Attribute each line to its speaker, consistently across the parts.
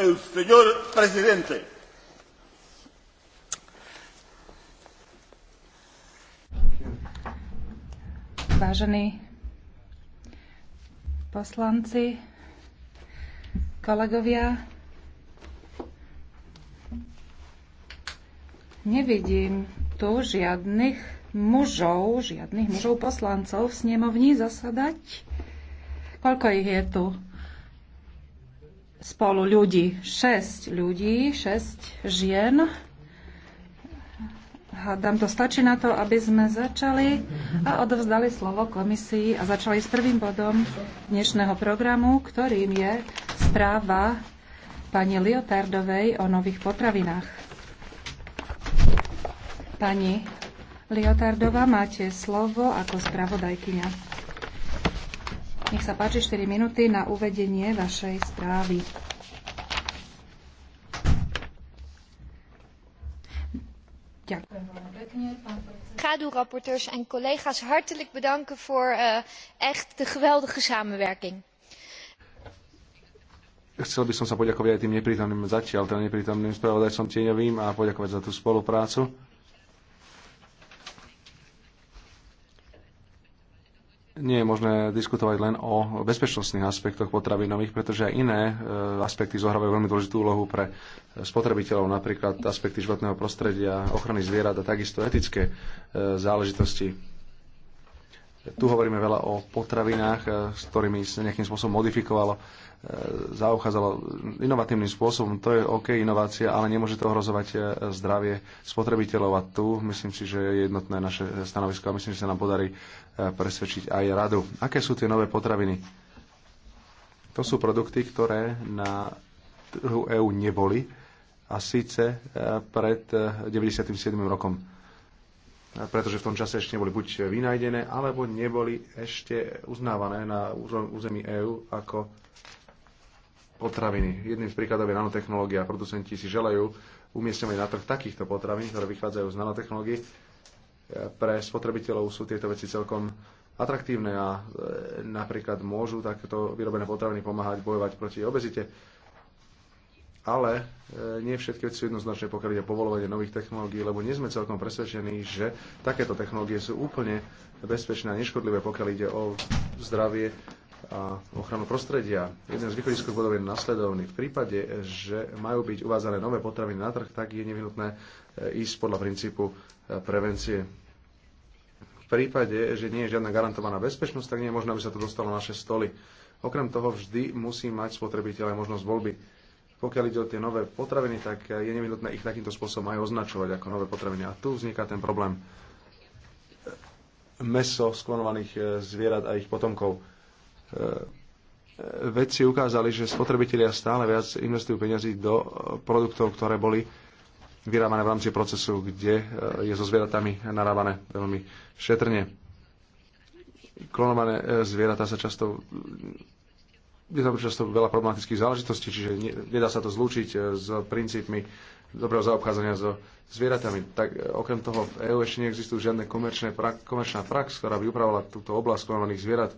Speaker 1: el señor presidente.
Speaker 2: Vážení poslanci, kolegovia, nevidím tu žiadnych mužov, žiadnych mužov poslancov v snemovni zasadať. Koľko ich je tu? spolu ľudí. 6 ľudí, šesť žien. Hádam, to stačí na to, aby sme začali a odovzdali slovo komisii a začali s prvým bodom dnešného programu, ktorým je správa pani Liotardovej o nových potravinách. Pani Liotardová, máte slovo ako spravodajkyňa. Nech sa páči 4 minúty na uvedenie vašej správy. Kadu, rapporteurs en collega's hartelijk bedanken voor uh, echt de geweldige samenwerking.
Speaker 3: Chcel by som sa poďakovať aj tým neprítomným zatiaľ, teda neprítomným spravodajcom Tieňovým a poďakovať za tú spoluprácu. nie je možné diskutovať len o bezpečnostných aspektoch potravinových, pretože aj iné e, aspekty zohrávajú veľmi dôležitú úlohu pre spotrebiteľov, napríklad aspekty životného prostredia, ochrany zvierat a takisto etické e, záležitosti tu hovoríme veľa o potravinách, e, s ktorými sa nejakým spôsobom modifikovalo, e, zaochádzalo inovatívnym spôsobom. To je OK inovácia, ale nemôže to ohrozovať e, zdravie spotrebiteľov. A tu myslím si, že je jednotné naše stanovisko a myslím, že sa nám podarí presvedčiť aj radu. Aké sú tie nové potraviny? To sú produkty, ktoré na trhu EÚ neboli a síce pred 97. rokom pretože v tom čase ešte neboli buď vynajdené, alebo neboli ešte uznávané na území EÚ ako potraviny. Jedným z príkladov je nanotechnológia. Producenti si želajú umiestňovať na trh takýchto potravín, ktoré vychádzajú z nanotechnológií. Pre spotrebiteľov sú tieto veci celkom atraktívne a e, napríklad môžu takéto vyrobené potraviny pomáhať bojovať proti obezite ale e, nie všetky veci sú jednoznačne pokiaľ ide povolovanie nových technológií, lebo nie sme celkom presvedčení, že takéto technológie sú úplne bezpečné a neškodlivé, pokiaľ ide o zdravie a ochranu prostredia. Jeden z východiskov bodov je nasledovný. V prípade, že majú byť uvádzané nové potraviny na trh, tak je nevyhnutné e, ísť podľa princípu e, prevencie. V prípade, že nie je žiadna garantovaná bezpečnosť, tak nie je možné, aby sa to dostalo na naše stoly. Okrem toho vždy musí mať spotrebiteľ aj možnosť voľby pokiaľ ide o tie nové potraviny, tak je nevyhnutné ich takýmto spôsobom aj označovať ako nové potraviny. A tu vzniká ten problém meso sklonovaných e, zvierat a ich potomkov. E, e, vedci ukázali, že spotrebitelia stále viac investujú peniazy do produktov, ktoré boli vyrábané v rámci procesu, kde je so zvieratami narábané veľmi šetrne. Klonované zvieratá sa často je tam často veľa problematických záležitostí, čiže nedá sa to zlúčiť eh, s princípmi dobrého zaobchádzania so zvieratami. Tak eh, okrem toho v EÚ ešte neexistujú žiadne komerčné komerčná prax, ktorá by upravovala túto oblasť klonovaných zvierat.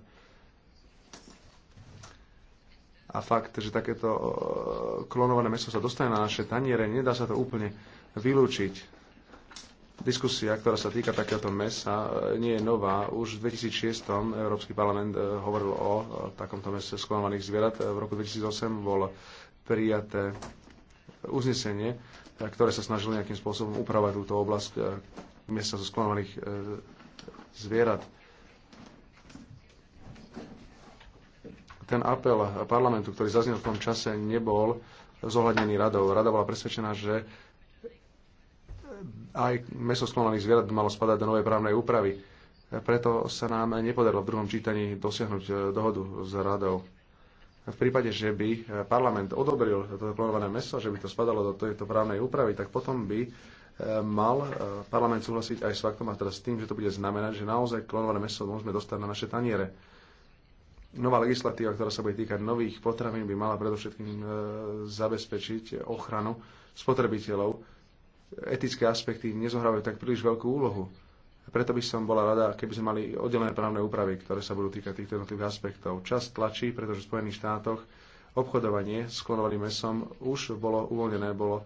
Speaker 3: A fakt, že takéto eh, klonované meso sa dostane na naše taniere, nedá sa to úplne vylúčiť Diskusia, ktorá sa týka takéhoto mesa, e, nie je nová. Už v 2006 Európsky parlament e, hovoril o e, takomto mese sklonovaných zvierat. V roku 2008 bol prijaté uznesenie, ktoré sa snažilo nejakým spôsobom upravať túto oblasť mesa zo sklonovaných zvierat. Ten apel parlamentu, ktorý zaznel v tom čase, nebol zohľadnený radou. Rada bola presvedčená, že aj meso sklonaných zvierat by malo spadať do novej právnej úpravy. Preto sa nám nepodarilo v druhom čítaní dosiahnuť e, dohodu s radou. V prípade, že by e, parlament odobril toto plánované meso, že by to spadalo do tejto právnej úpravy, tak potom by e, mal parlament súhlasiť aj s faktom a teraz s tým, že to bude znamenať, že naozaj klonované meso môžeme dostať na naše taniere. Nová legislatíva, ktorá sa bude týkať nových potravín, by mala predovšetkým zabezpečiť ochranu spotrebiteľov etické aspekty nezohrávajú tak príliš veľkú úlohu. Preto by som bola rada, keby sme mali oddelené právne úpravy, ktoré sa budú týkať týchto jednotlivých aspektov. Čas tlačí, pretože v Spojených štátoch obchodovanie s klonovaným mesom už bolo uvoľnené, bolo e,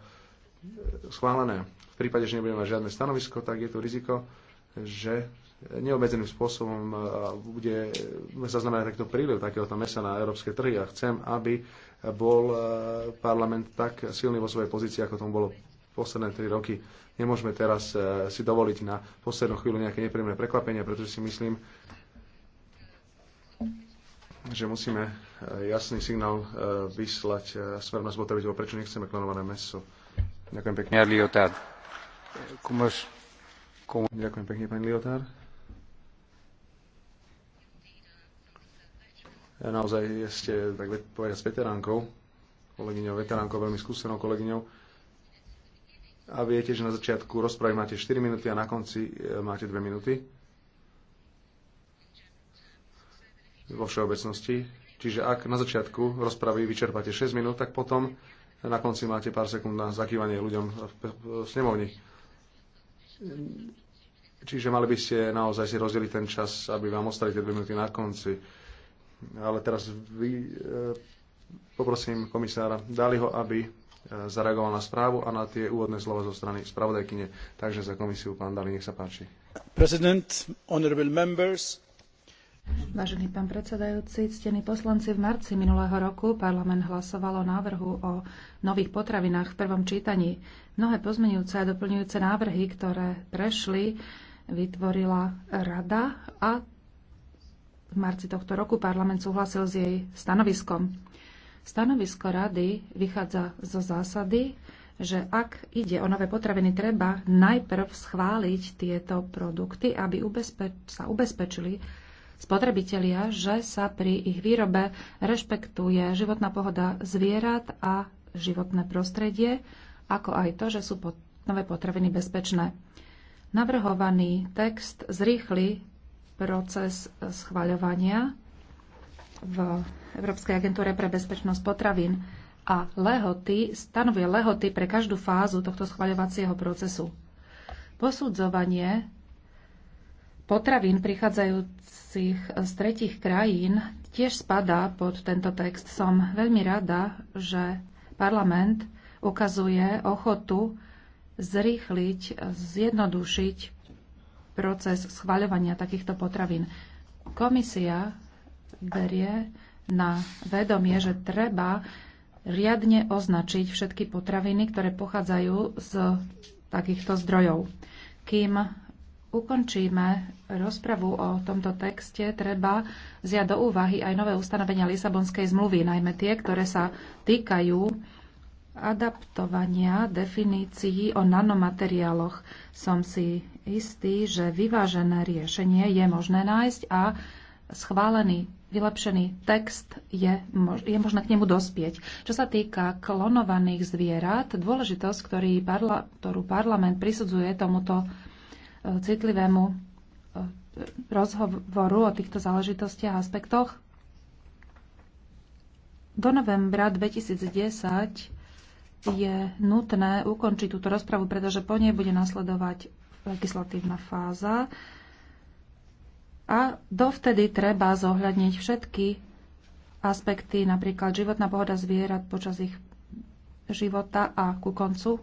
Speaker 3: schválené. V prípade, že nebudeme mať žiadne stanovisko, tak je tu riziko, že neobmedzeným spôsobom e, bude e, zaznamenať takto príliv takéhoto mesa na európske trhy a chcem, aby bol parlament tak silný vo svojej pozícii, ako tomu bolo posledné 3 roky. Nemôžeme teraz e, si dovoliť na poslednú chvíľu nejaké nepríjemné prekvapenia, pretože si myslím, že musíme e, jasný signál e, vyslať smerom na spotrebiteľov, prečo nechceme klonované meso. Ďakujem pekne. Ďakujem pekne, pani Liotár. Naozaj ste, tak povedať, s veteránkou, kolegyňou, veteránkou, veľmi skúsenou kolegyňou a viete, že na začiatku rozpravy máte 4 minúty a na konci e, máte 2 minúty. Vo všeobecnosti. Čiže ak na začiatku rozpravy vyčerpáte 6 minút, tak potom na konci máte pár sekúnd na zakývanie ľuďom v snemovni. Čiže mali by ste naozaj si rozdeliť ten čas, aby vám ostali tie 2 minúty na konci. Ale teraz vy, e, poprosím komisára Daliho, aby E, zareagoval na správu a na tie úvodné slova zo strany spravodajkyne. Takže za komisiu pán Dali, nech sa páči.
Speaker 2: Vážený pán predsedajúci, ctení poslanci, v marci minulého roku parlament hlasoval o návrhu o nových potravinách v prvom čítaní. Mnohé pozmenujúce a doplňujúce návrhy, ktoré prešli, vytvorila rada a v marci tohto roku parlament súhlasil s jej stanoviskom. Stanovisko rady vychádza zo zásady, že ak ide o nové potraviny, treba najprv schváliť tieto produkty, aby ubezpeč- sa ubezpečili spotrebitelia, že sa pri ich výrobe rešpektuje životná pohoda zvierat a životné prostredie, ako aj to, že sú pot- nové potraviny bezpečné. Navrhovaný text zrýchli proces schvaľovania v Európskej agentúre pre bezpečnosť potravín a lehoty, stanovuje lehoty pre každú fázu tohto schvaľovacieho procesu. Posudzovanie potravín prichádzajúcich z tretich krajín tiež spadá pod tento text. Som veľmi rada, že parlament ukazuje ochotu zrýchliť, zjednodušiť proces schvaľovania takýchto potravín. Komisia berie na vedomie, že treba riadne označiť všetky potraviny, ktoré pochádzajú z takýchto zdrojov. Kým ukončíme rozpravu o tomto texte, treba vziať do úvahy aj nové ustanovenia Lisabonskej zmluvy, najmä tie, ktoré sa týkajú adaptovania definícií o nanomateriáloch. Som si istý, že vyvážené riešenie je možné nájsť a schválený, vylepšený text, je, mož- je možné k nemu dospieť. Čo sa týka klonovaných zvierat, dôležitosť, ktorý parla- ktorú parlament prisudzuje tomuto e, citlivému e, rozhovoru o týchto záležitostiach a aspektoch, do novembra 2010 je nutné ukončiť túto rozpravu, pretože po nej bude nasledovať legislatívna fáza. A dovtedy treba zohľadniť všetky aspekty, napríklad životná pohoda zvierat počas ich života a ku koncu.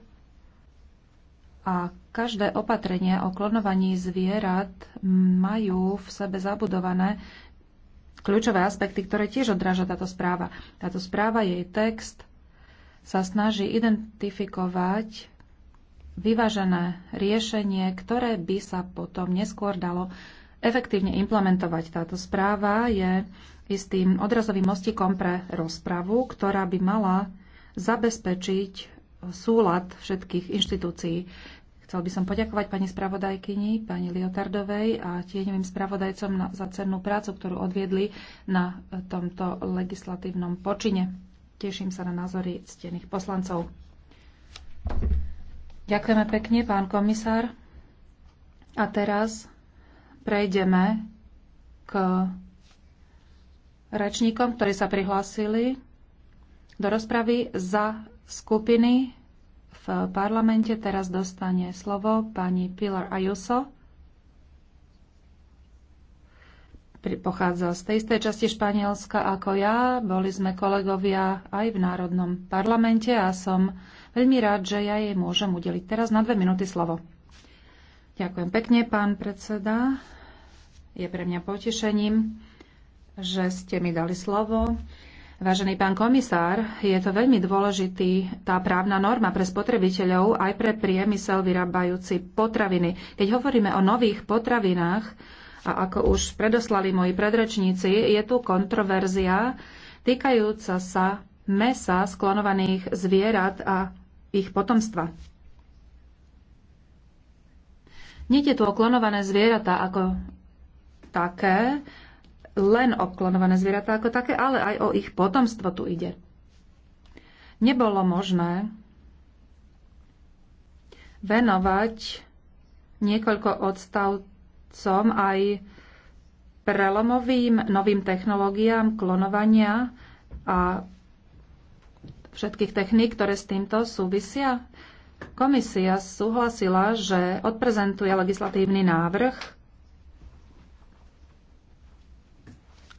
Speaker 2: A každé opatrenie o klonovaní zvierat majú v sebe zabudované kľúčové aspekty, ktoré tiež odráža táto správa. Táto správa, jej text sa snaží identifikovať vyvážené riešenie, ktoré by sa potom neskôr dalo efektívne implementovať. Táto správa je istým odrazovým mostikom pre rozpravu, ktorá by mala zabezpečiť súlad všetkých inštitúcií. Chcel by som poďakovať pani spravodajkyni, pani Liotardovej a tieňovým spravodajcom na, za cennú prácu, ktorú odviedli na tomto legislatívnom počine. Teším sa na názory ctených poslancov. Ďakujeme pekne, pán komisár. A teraz prejdeme k rečníkom, ktorí sa prihlásili do rozpravy za skupiny v parlamente. Teraz dostane slovo pani Pilar Ayuso. Pochádza z tej istej časti Španielska ako ja. Boli sme kolegovia aj v Národnom parlamente a som veľmi rád, že ja jej môžem udeliť teraz na dve minúty slovo. Ďakujem pekne, pán predseda. Je pre mňa potešením, že ste mi dali slovo. Vážený pán komisár, je to veľmi dôležitý tá právna norma pre spotrebiteľov aj pre priemysel vyrábajúci potraviny. Keď hovoríme o nových potravinách, a ako už predoslali moji predrečníci, je tu kontroverzia týkajúca sa mesa sklonovaných zvierat a ich potomstva. Nede tu o klonované zvieratá ako také, len o klonované zvieratá ako také, ale aj o ich potomstvo tu ide. Nebolo možné venovať niekoľko odstavcom aj prelomovým novým technológiám klonovania a všetkých techník, ktoré s týmto súvisia. Komisia súhlasila, že odprezentuje legislatívny návrh,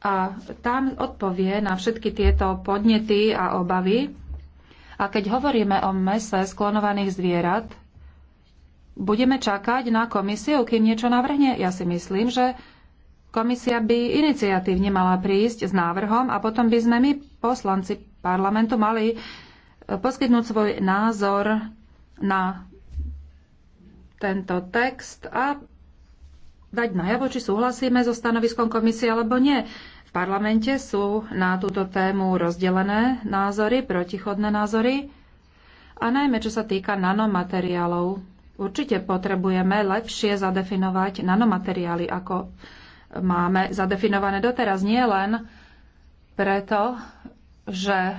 Speaker 2: a tam odpovie na všetky tieto podnety a obavy. A keď hovoríme o mese sklonovaných zvierat, budeme čakať na komisiu, kým niečo navrhne? Ja si myslím, že komisia by iniciatívne mala prísť s návrhom a potom by sme my, poslanci parlamentu, mali e, poskytnúť svoj názor na tento text a dať najavo, či súhlasíme so stanoviskom komisie alebo nie parlamente sú na túto tému rozdelené názory, protichodné názory a najmä čo sa týka nanomateriálov. Určite potrebujeme lepšie zadefinovať nanomateriály, ako máme zadefinované doteraz. Nie len preto, že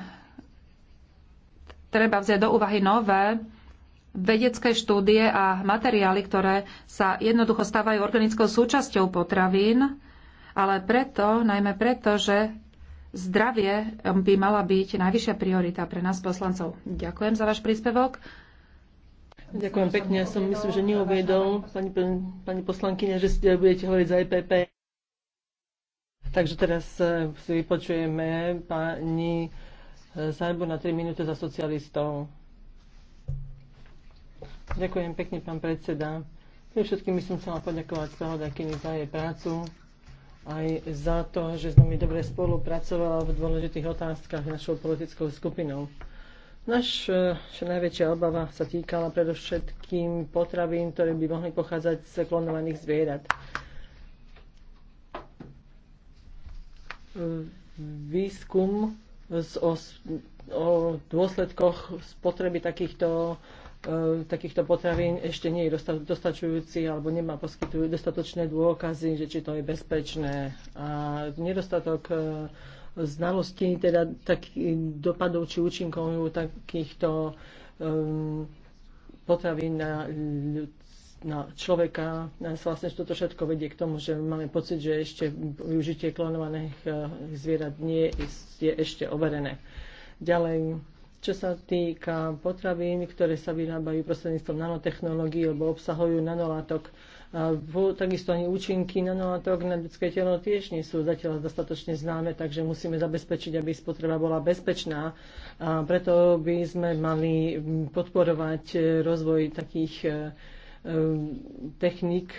Speaker 2: treba vziať do úvahy nové vedecké štúdie a materiály, ktoré sa jednoducho stávajú organickou súčasťou potravín, ale preto, najmä preto, že zdravie by mala byť najvyššia priorita pre nás poslancov. Ďakujem za váš príspevok. Ďakujem pekne. Ja som myslím, že neuviedol, pani, pani poslankyňa, že ste budete hovoriť za EPP.
Speaker 1: Takže teraz eh, si vypočujeme pani eh, Sajbu na 3 minúty za socialistov. Ďakujem pekne, pán predseda. všetkým by som chcela poďakovať spravodajkyni za jej prácu aj za to, že s nami dobre spolupracovala v dôležitých otázkach našou politickou skupinou. Eh, naša najväčšia obava sa týkala predovšetkým potravín, ktoré by mohli pochádzať z klonovaných zvierat. Eh, výskum o, o dôsledkoch spotreby takýchto E, takýchto potravín ešte nie je dostačujúci alebo nemá poskytujú dostatočné dôkazy, že či to je bezpečné. A nedostatok e, znalostí, teda takých dopadov či účinkov takýchto um, potravín na, na človeka. Nás vlastne toto všetko vedie k tomu, že máme pocit, že ešte využitie klonovaných zvierat nie je ešte overené. Ďalej, čo sa týka potravín, ktoré sa vyrábajú prostredníctvom nanotechnológií alebo obsahujú nanolátok. A takisto ani účinky nanolátok na ľudské telo tiež nie sú zatiaľ dostatočne známe, takže musíme zabezpečiť, aby spotreba bola bezpečná. A preto by sme mali podporovať rozvoj takých e, e, technik,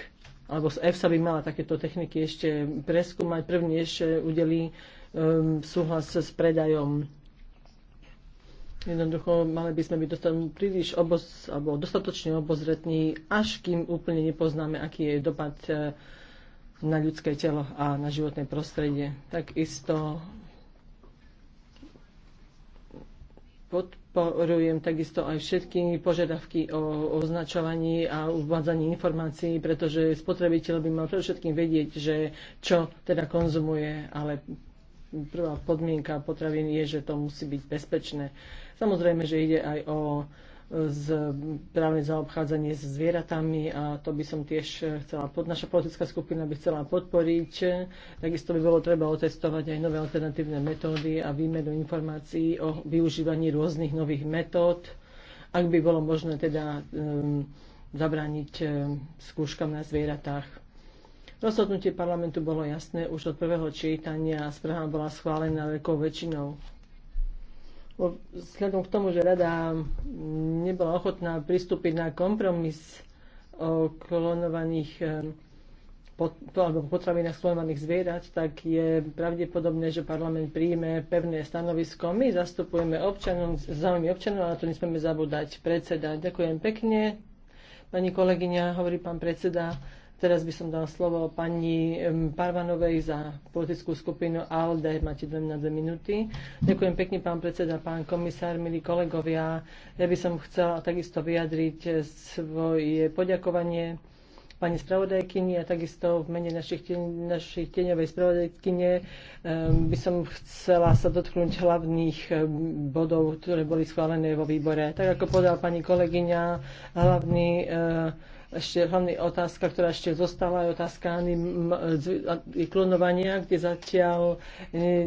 Speaker 1: alebo EFSA by mala takéto techniky ešte preskúmať, prvne ešte udelí e, súhlas s predajom Jednoducho mali by sme byť príliš oboz, alebo dostatočne obozretní, až kým úplne nepoznáme, aký je dopad e, na ľudské telo a na životné prostredie. Takisto podporujem takisto aj všetky požiadavky o označovaní a uvádzaní informácií, pretože spotrebiteľ by mal predovšetkým vedieť, že čo teda konzumuje, ale prvá podmienka potravín je, že to musí byť bezpečné. Samozrejme, že ide aj o e, z právne zaobchádzanie s zvieratami a to by som tiež chcela, naša politická skupina by chcela podporiť. Takisto by bolo treba otestovať aj nové alternatívne metódy a výmenu informácií o využívaní rôznych nových metód, ak by bolo možné teda um, zabrániť um, skúškam na zvieratách. Rozhodnutie parlamentu bolo jasné už od prvého čítania a správa bola schválená veľkou väčšinou vzhľadom k tomu, že rada nebola ochotná pristúpiť na kompromis o klonovaných eh, pot, alebo potravinách sklonovaných zvierat, tak je pravdepodobné, že parlament príjme pevné stanovisko. My zastupujeme občanom, zaujímavým občanov, ale to nesmieme zabúdať predseda. Ďakujem pekne. Pani kolegyňa, hovorí pán predseda. Teraz by som dal slovo pani Parvanovej za politickú skupinu ALDE. Máte dve na dve minúty. Ďakujem pekne, pán predseda, pán komisár, milí kolegovia. Ja by som chcela takisto vyjadriť svoje poďakovanie pani spravodajkyni a takisto v mene našich, našich tieňovej spravodajkyne by som chcela sa dotknúť hlavných bodov, ktoré boli schválené vo výbore. Tak ako podal pani kolegyňa, hlavný eh, ešte hlavná otázka, ktorá ešte zostala, je otázka klonovania, kde zatiaľ e,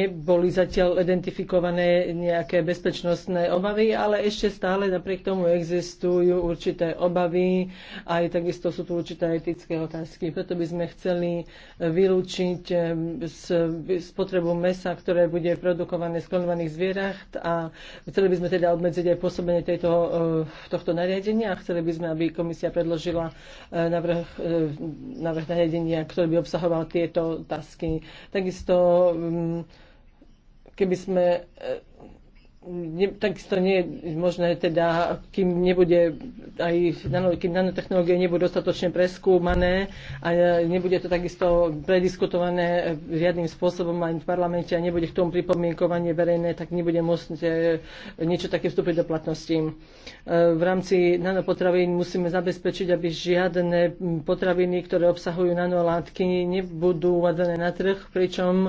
Speaker 1: neboli zatiaľ identifikované nejaké bezpečnostné obavy, ale ešte stále napriek tomu existujú určité obavy, aj takisto sú tu určité etické otázky. Preto by sme chceli vylúčiť e, spotrebu mesa, ktoré bude produkované z klonovaných zvierat a chceli by sme teda obmedziť aj pôsobenie tejto, e, tohto nariadenia a chceli by sme, aby komisia predložila e, návrh, e, návrh nariadenia, ktorý by obsahoval tieto otázky. Takisto, mm, keby sme e, ne, takisto nie je možné teda, kým nebude aj kým nanotechnológie nebudú dostatočne preskúmané a nebude to takisto prediskutované riadnym spôsobom aj v parlamente a nebude k tomu pripomienkovanie verejné, tak nebude môcť e, niečo také vstúpiť do platnosti. E, v rámci nanopotravín musíme zabezpečiť, aby žiadne potraviny, ktoré obsahujú nanolátky, nebudú uvádzané na trh, pričom e,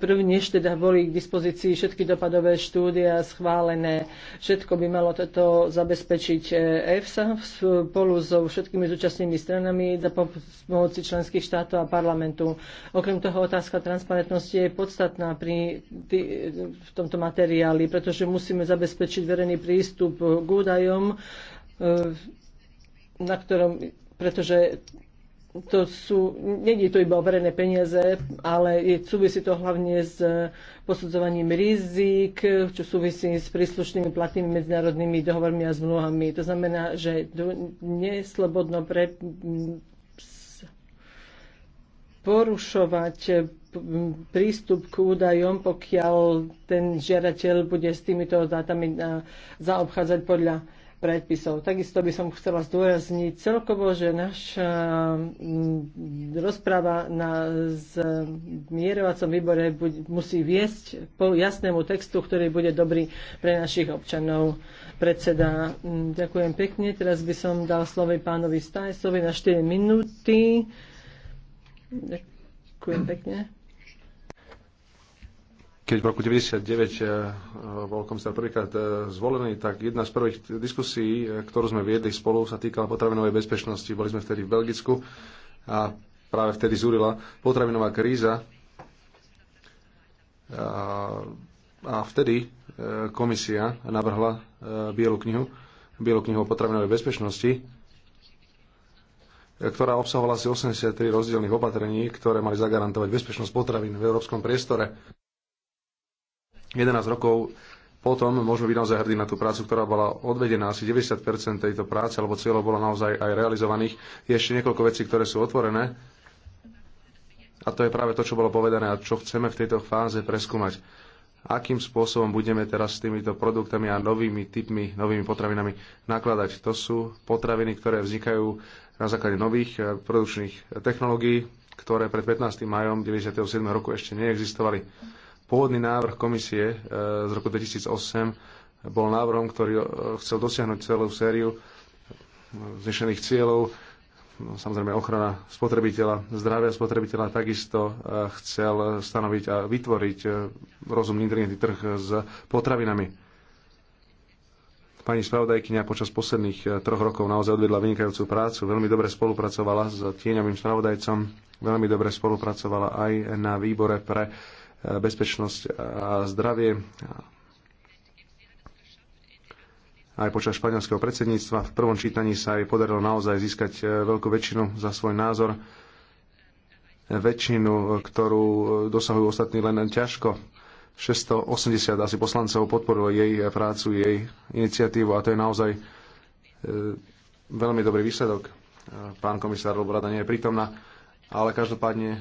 Speaker 1: prvnež teda boli k dispozícii všetky dopadové štúdie štúdia schválené. Všetko by malo toto zabezpečiť eh, EFSA spolu so všetkými zúčastnými stranami za pomoci členských štátov a parlamentu. Okrem toho otázka transparentnosti je podstatná pri tý, v tomto materiáli, pretože musíme zabezpečiť verejný prístup k údajom, eh, na ktorom, pretože to sú, nie je to iba o verejné peniaze, ale je, súvisí to hlavne s posudzovaním rizik, čo súvisí s príslušnými platnými medzinárodnými dohovormi a zmluvami. To znamená, že neslobodno pre, porušovať prístup k údajom, pokiaľ ten žiadateľ bude s týmito dátami zaobchádzať podľa predpisov. Takisto by som chcela zdôrazniť celkovo, že naša mm, rozpráva na zmierovacom mm, výbore buď, musí viesť po jasnému textu, ktorý bude dobrý pre našich občanov. Predseda, mm, ďakujem pekne. Teraz by som dal slovo pánovi Stajsovi na 4 minúty. Ďakujem pekne
Speaker 3: keď v roku 1999 bol komisár prvýkrát eh, zvolený, tak jedna z prvých diskusí, eh, ktorú sme viedli spolu, sa týkala potravinovej bezpečnosti. Boli sme vtedy v Belgicku a práve vtedy zúrila potravinová kríza. Eh, a, vtedy komisia navrhla Bielu knihu, Bielu knihu o potravinovej bezpečnosti, ktorá obsahovala asi 83 rozdielnych opatrení, ktoré mali zagarantovať bezpečnosť potravín v európskom priestore. 11 rokov potom môžeme byť naozaj hrdí na tú prácu, ktorá bola odvedená. Asi 90% tejto práce alebo cieľov bolo naozaj aj realizovaných. Je ešte niekoľko vecí, ktoré sú otvorené. A to je práve to, čo bolo povedané a čo chceme v tejto fáze preskúmať. Akým spôsobom budeme teraz s týmito produktami a novými typmi, novými potravinami nakladať? To sú potraviny, ktoré vznikajú na základe nových eh, produkčných technológií, ktoré pred 15. majom 1997 roku ešte neexistovali Pôvodný návrh komisie e, z roku 2008 bol návrhom, ktorý e, chcel dosiahnuť celú sériu e, znešených cieľov, no, samozrejme ochrana spotrebiteľa, zdravia spotrebiteľa, takisto chcel stanoviť a vytvoriť rozumný internetný trh s potravinami. Pani spravodajkyňa počas posledných troch rokov naozaj odvedla vynikajúcu prácu, veľmi dobre spolupracovala s tieňovým spravodajcom, veľmi dobre spolupracovala aj na výbore pre bezpečnosť a zdravie aj počas španielského predsedníctva. V prvom čítaní sa aj podarilo naozaj získať e, veľkú väčšinu za svoj názor. Väčšinu, ktorú e, dosahujú ostatní len ťažko. 680 asi poslancov podporilo jej prácu, jej iniciatívu a to je naozaj e, veľmi dobrý výsledok. Pán komisár Lobrada nie je prítomná, ale každopádne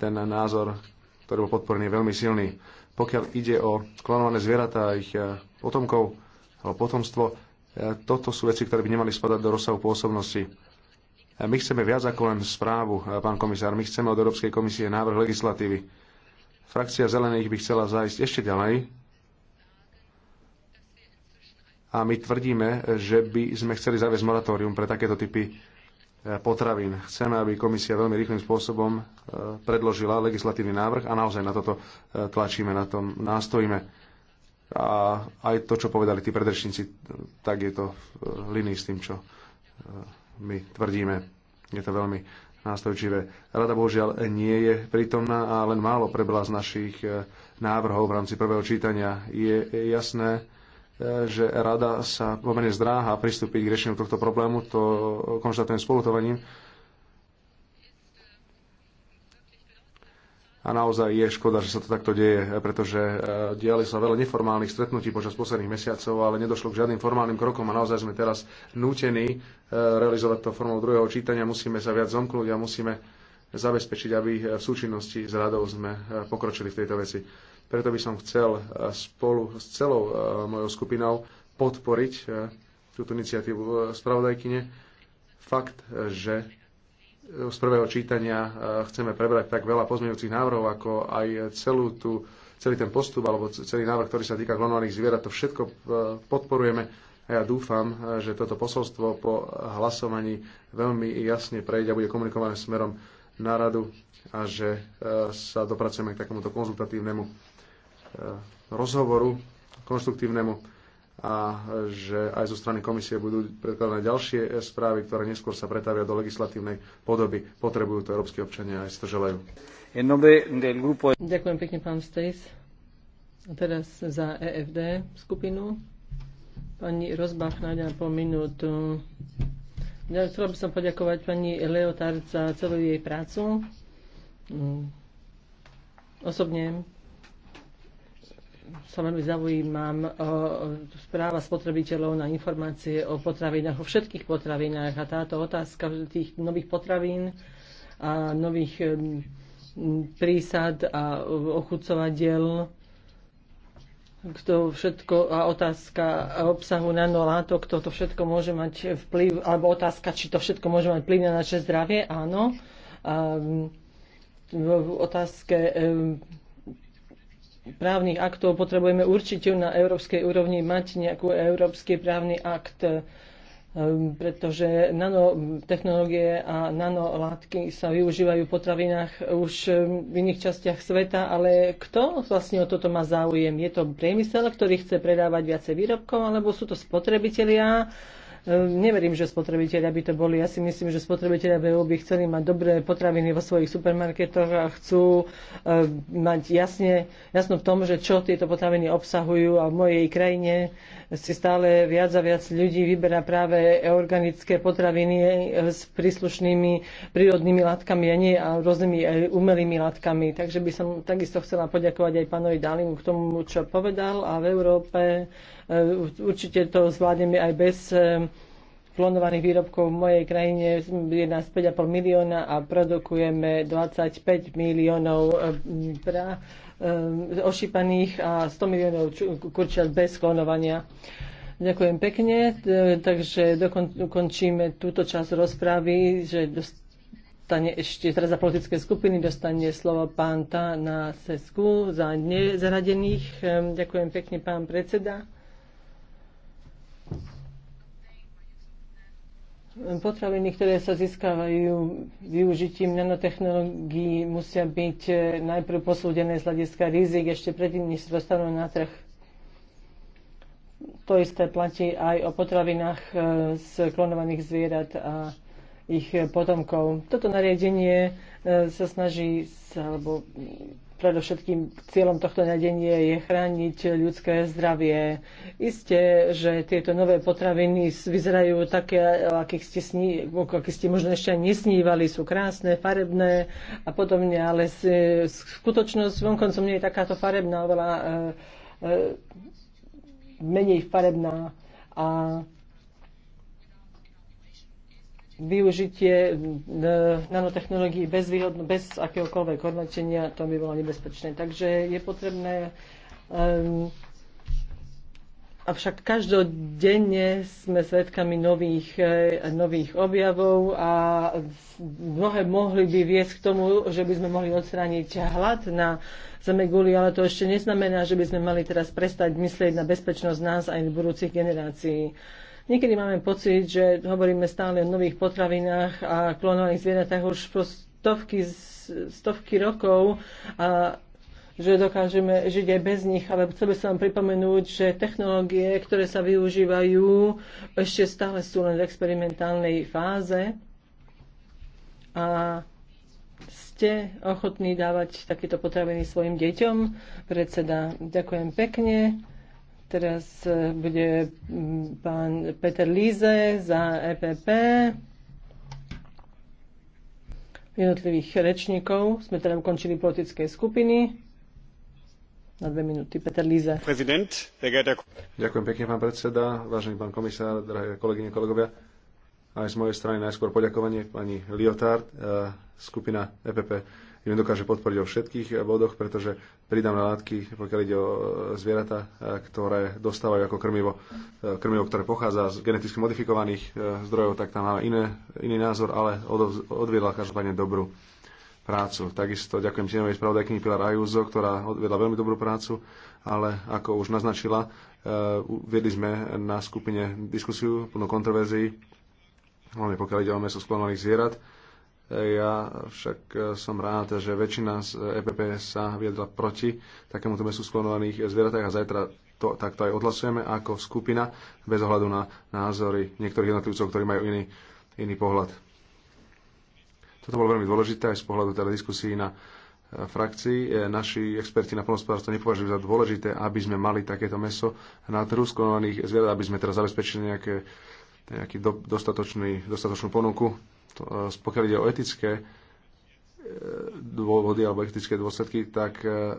Speaker 3: ten názor ktorý bol podporený, je veľmi silný. Pokiaľ ide o klonované zvieratá a ich e, potomkov alebo potomstvo, e, toto sú veci, ktoré by nemali spadať do rozsahu pôsobnosti. E, my chceme viac ako len správu, pán komisár. My chceme od Európskej komisie návrh legislatívy. Frakcia zelených by chcela zájsť ešte ďalej. A my tvrdíme, že by sme chceli zaviesť moratórium pre takéto typy potravín. Chceme, aby komisia veľmi rýchlým spôsobom e, predložila legislatívny návrh a naozaj na toto e, tlačíme, na tom nástojíme. A aj to, čo povedali tí predrečníci, tak je to v e, linii s tým, čo my tvrdíme. Je to veľmi nástojčivé. Rada bohužiaľ nie je prítomná a len málo prebila z našich návrhov v rámci prvého čítania. Je jasné, že rada sa pomerne zdráha pristúpiť k riešeniu tohto problému, to konštatujem spolutovaním. A naozaj je škoda, že sa to takto deje, pretože e, diali sa veľa neformálnych stretnutí počas posledných mesiacov, ale nedošlo k žiadnym formálnym krokom a naozaj sme teraz nútení e, realizovať to formou druhého čítania. Musíme sa viac zomknúť a musíme zabezpečiť, aby v súčinnosti s radou sme e, pokročili v tejto veci. Preto by som chcel e, spolu s celou e, mojou skupinou podporiť e, túto iniciatívu spravodajkyne. Fakt, že z prvého čítania chceme prebrať tak veľa pozmeňujúcich návrhov, ako aj celú tú, celý ten postup alebo celý návrh, ktorý sa týka klonovaných zvierat, to všetko podporujeme a ja dúfam, že toto posolstvo po hlasovaní veľmi jasne prejde a bude komunikované smerom na radu a že sa dopracujeme k takémuto konzultatívnemu E, rozhovoru konštruktívnemu a že aj zo strany komisie budú predkladané ďalšie správy, ktoré neskôr sa pretavia do legislatívnej podoby. Potrebujú to európsky občania aj strželajú. Ďakujem pekne, pán Stejs.
Speaker 1: A teraz za EFD skupinu. Pani Rozbach nájde po minútu. Ja chcela by som poďakovať pani Leotard za celú jej prácu. Mm. Osobne sa veľmi zaujímam uh, správa spotrebiteľov na informácie o potravinách, o všetkých potravinách a táto otázka tých nových potravín a nových prísad a ochucovadiel kto všetko a otázka obsahu nanolátok, kto to všetko môže mať vplyv, alebo otázka, či to všetko môže mať vplyv na naše zdravie, áno. A v otázke právnych aktov potrebujeme určite na európskej úrovni mať nejaký európsky právny akt, um, pretože nanotechnológie a nanolátky sa využívajú v potravinách už um, v iných častiach sveta, ale kto vlastne o toto má záujem? Je to priemysel, ktorý chce predávať viacej výrobkov, alebo sú to spotrebitelia, Neverím, že spotrebitelia by to boli. Ja si myslím, že spotrebitelia by, by chceli mať dobré potraviny vo svojich supermarketoch a chcú eh, mať jasne, jasno v tom, že čo tieto potraviny obsahujú a v mojej krajine si stále viac a viac ľudí vyberá práve organické potraviny eh, s príslušnými prírodnými látkami a nie a rôznymi eh, umelými látkami. Takže by som takisto chcela poďakovať aj pánovi Dalimu k tomu, čo povedal a v Európe Eh, určite to zvládneme aj bez eh, klonovaných výrobkov v mojej krajine je nás 5,5 milióna a produkujeme 25 miliónov eh, pra, ošípaných a 100 miliónov kurčiat bez klonovania. Ďakujem pekne, takže dokončíme túto časť rozpravy, že dostane ešte teraz za politické skupiny dostane slovo pán Tá na sesku za nezaradených. Ďakujem pekne, pán predseda. Potraviny, ktoré sa získavajú využitím nanotechnológií, musia byť e, najprv posúdené z hľadiska rizik ešte predtým, než sa dostanú na trh. To isté platí aj o potravinách e, z klonovaných zvierat a ich potomkov. Toto nariadenie e, sa snaží sa, alebo Predovšetkým cieľom tohto nadenie je chrániť ľudské zdravie. Isté, že tieto nové potraviny vyzerajú také, akých ste, sní, akých ste možno ešte ani nesnívali, sú krásne, farebné a podobne, ale skutočnosť vonkoncom nie je takáto farebná, oveľa e, e, menej farebná. A využitie mm, e, nanotechnológií bez, výhodno, bez akéhokoľvek hodnotenia, to by bolo nebezpečné. Takže je potrebné um, Avšak každodenne sme svedkami nových, e, nových objavov a mnohé mohli by viesť k tomu, že by sme mohli odstrániť hlad na guli, ale to ešte neznamená, že by sme mali teraz prestať myslieť na bezpečnosť nás aj v budúcich generácií. Niekedy máme pocit, že hovoríme stále o nových potravinách a klonovaných zvieratách už po stovky, stovky rokov a že dokážeme žiť aj bez nich, ale chcel by som vám pripomenúť, že technológie, ktoré sa využívajú, ešte stále sú len v experimentálnej fáze a ste ochotní dávať takéto potraviny svojim deťom? Predseda, ďakujem pekne. Teraz e, bude pán Peter Líze za EPP jednotlivých rečníkov. Sme teda ukončili politické skupiny. Na dve minúty. Peter Líze.
Speaker 3: Ďakujem pekne, pán predseda, vážený pán komisár, drahé kolegyne, kolegovia. Aj z mojej strany najskôr poďakovanie pani Liotard, e, skupina EPP ju nedokáže podporiť o všetkých bodoch, pretože pridám na látky, pokiaľ ide o e, zvieratá, e, ktoré dostávajú ako krmivo, e, krmivo, ktoré pochádza z geneticky modifikovaných zdrojov, tak tam máme iné, iný názor, ale odviedla každopádne dobrú prácu. Takisto ďakujem tieňovej spravodajkyni Pilar Ajúzo, ktorá odvedla veľmi dobrú prácu, ale ako už naznačila, viedli sme na skupine diskusiu plnú kontroverzií, hlavne pokiaľ ide o meso sklonovaných zvierat ja však e, som rád, že väčšina z EPP sa viedla proti takémuto mesu sklonovaných zvieratách a zajtra to takto aj odhlasujeme ako skupina bez ohľadu na názory niektorých jednotlivcov, ktorí majú iný, iný pohľad. Toto bolo veľmi dôležité aj z pohľadu teda diskusí na e, frakcii. E, naši experti na polnospodárstvo nepovažujú za dôležité, aby sme mali takéto meso na trhu sklonovaných zvierat, aby sme teraz zabezpečili nejaké, nejaký do, dostatočný, dostatočnú ponuku E, pokiaľ ide o etické e, dôvody alebo etické dôsledky, tak e,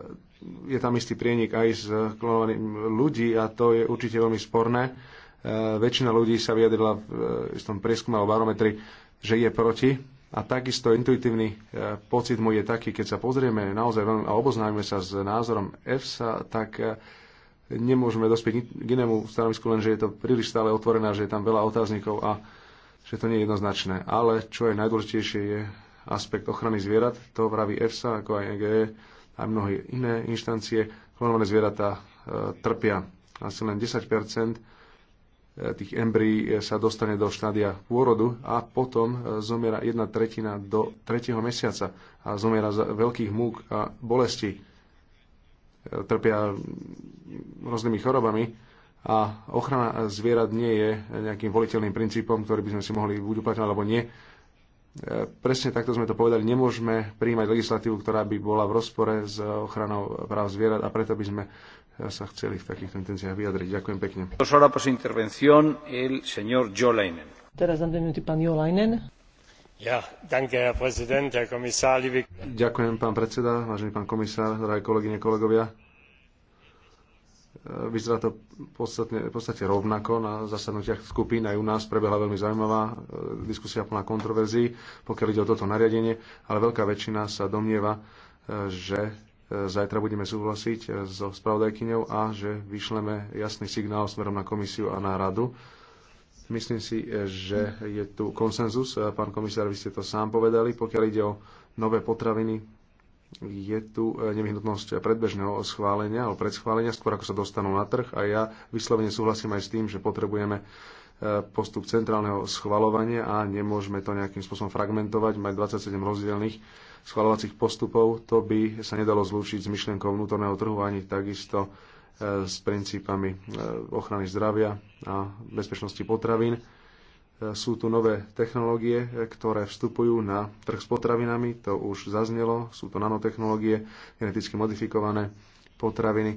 Speaker 3: je tam istý prienik aj s klonovaným ľudí a to je určite veľmi sporné. Väčšina ľudí sa vyjadrila v istom prieskume alebo barometri, že je proti. A takisto intuitívny pocit môj je taký, keď sa pozrieme naozaj veľmi a oboznáme sa s názorom EFSA, tak nemôžeme dospieť k inému stanovisku, len že je to príliš stále otvorené, že je tam veľa otáznikov a že to nie je jednoznačné. Ale čo je najdôležitejšie je aspekt ochrany zvierat, to vraví EFSA, ako aj NGE, e aj mnohé iné inštancie. Klonované zvieratá e, trpia. Asi len 10 e, tých embryí e, sa dostane do štádia pôrodu a potom zomiera jedna tretina do tretieho mesiaca a zomiera z veľkých múk a bolesti. Trpia rôznymi chorobami a ochrana zvierat nie je nejakým voliteľným princípom, ktorý by sme si mohli buď uplatňovať alebo nie. E, presne takto sme to povedali, nemôžeme príjmať legislatívu, ktorá by bola v rozpore s ochranou práv zvierat a preto by sme sa chceli v takýchto intenciách vyjadriť. Ďakujem pekne.
Speaker 1: Teraz na dve minúty pán Ja, danke, herr Präsident, herr Kommissar, liebe...
Speaker 3: Ďakujem, pán predseda, vážený pán komisár, drahé kolegyne, kolegovia E, vyzerá to v podstate, v podstate rovnako na zasadnutiach skupín. Aj u nás prebehla veľmi zaujímavá e, diskusia plná kontroverzií, pokiaľ ide o toto nariadenie, ale veľká väčšina sa domnieva, e, že zajtra budeme súhlasiť so spravodajkyňou a že vyšleme jasný signál smerom na komisiu a na radu. Myslím si, že je tu konsenzus. Pán komisár, vy ste to sám povedali. Pokiaľ ide o nové potraviny, je tu e, nevyhnutnosť predbežného schválenia alebo predschválenia, skôr ako sa dostanú na trh a ja vyslovene súhlasím aj s tým, že potrebujeme e, postup centrálneho schvalovania a nemôžeme to nejakým spôsobom fragmentovať, mať 27 rozdielných schvalovacích postupov, to by sa nedalo zlúčiť s myšlienkou vnútorného trhu ani takisto e, s princípami ochrany zdravia a bezpečnosti potravín sú tu nové technológie, ktoré vstupujú na trh s potravinami, to už zaznelo, sú to nanotechnológie, geneticky modifikované potraviny.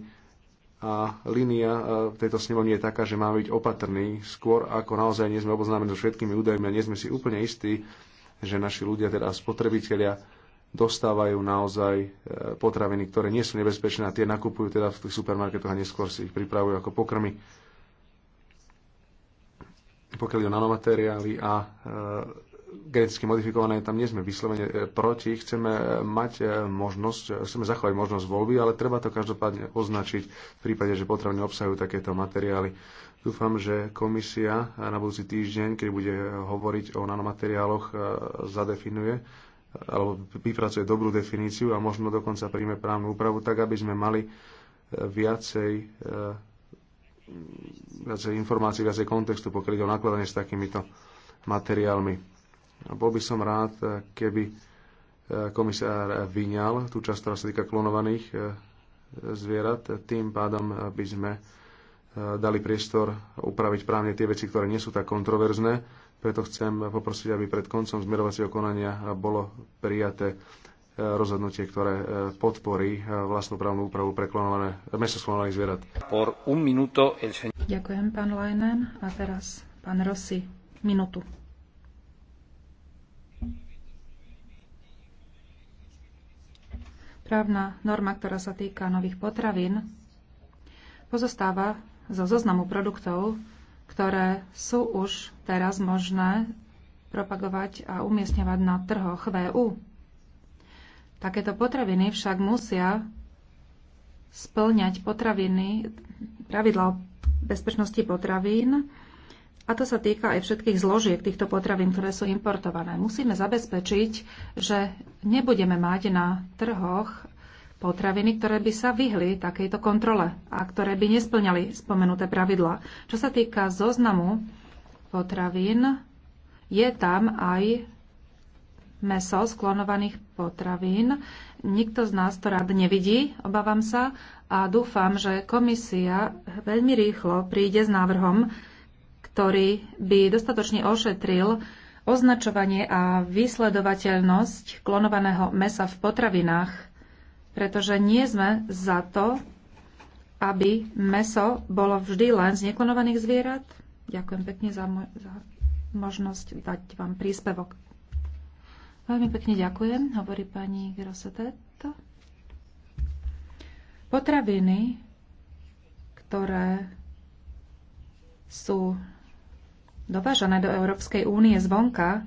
Speaker 3: A línia v e, tejto snemovni je taká, že máme byť opatrní, skôr ako naozaj nie sme oboznámení so všetkými údajmi a nie sme si úplne istí, že naši ľudia, teda spotrebitelia, dostávajú naozaj e, potraviny, ktoré nie sú nebezpečné a tie nakupujú teda v tých supermarketoch a neskôr si ich pripravujú ako pokrmy pokiaľ je o nanomateriály a e, geneticky modifikované, tam nie sme vyslovene e, proti, chceme e, mať možnosť, chceme zachovať možnosť voľby, ale treba to každopádne označiť v prípade, že potraviny obsahujú takéto materiály. Dúfam, že komisia na budúci týždeň, keď bude hovoriť o nanomateriáloch, zadefinuje alebo vypracuje dobrú definíciu a možno dokonca príjme právnu úpravu tak, aby sme mali viacej viacej informácií, viacej kontextu, pokiaľ ide o nakladanie s takýmito materiálmi. A bol by som rád, keby e, komisár vyňal tú časť, ktorá sa týka klonovaných e, zvierat. Tým pádom e, by sme dali priestor upraviť právne tie veci, ktoré nie sú tak kontroverzné. Preto chcem poprosiť, aby pred koncom zmerovacieho konania bolo prijaté rozhodnutie, ktoré e, podporí e, vlastnú právnu úpravu pre klonované, sklonovaných zvierat.
Speaker 2: Ďakujem, pán Lajnen. A teraz pán Rossi, minútu. Právna norma, ktorá sa týka nových potravín, pozostáva zo zoznamu produktov, ktoré sú už teraz možné propagovať a umiestňovať na trhoch VÚ. E Takéto potraviny však musia splňať potraviny, pravidla o bezpečnosti potravín, a to sa týka aj všetkých zložiek týchto potravín, ktoré sú importované. Musíme zabezpečiť, že nebudeme mať na trhoch potraviny, ktoré by sa vyhli takejto kontrole a ktoré by nesplňali spomenuté pravidla. Čo sa týka zoznamu potravín, je tam aj meso z klonovaných potravín. Nikto z nás to rád nevidí, obávam sa, a dúfam, že komisia veľmi rýchlo príde s návrhom, ktorý by dostatočne ošetril označovanie a vysledovateľnosť klonovaného mesa v potravinách, pretože nie sme za to, aby meso bolo vždy len z neklonovaných zvierat. Ďakujem pekne za, mo- za možnosť dať vám príspevok. Veľmi pekne ďakujem, hovorí pani Grosetetto. Potraviny, ktoré sú dovážané do Európskej únie zvonka,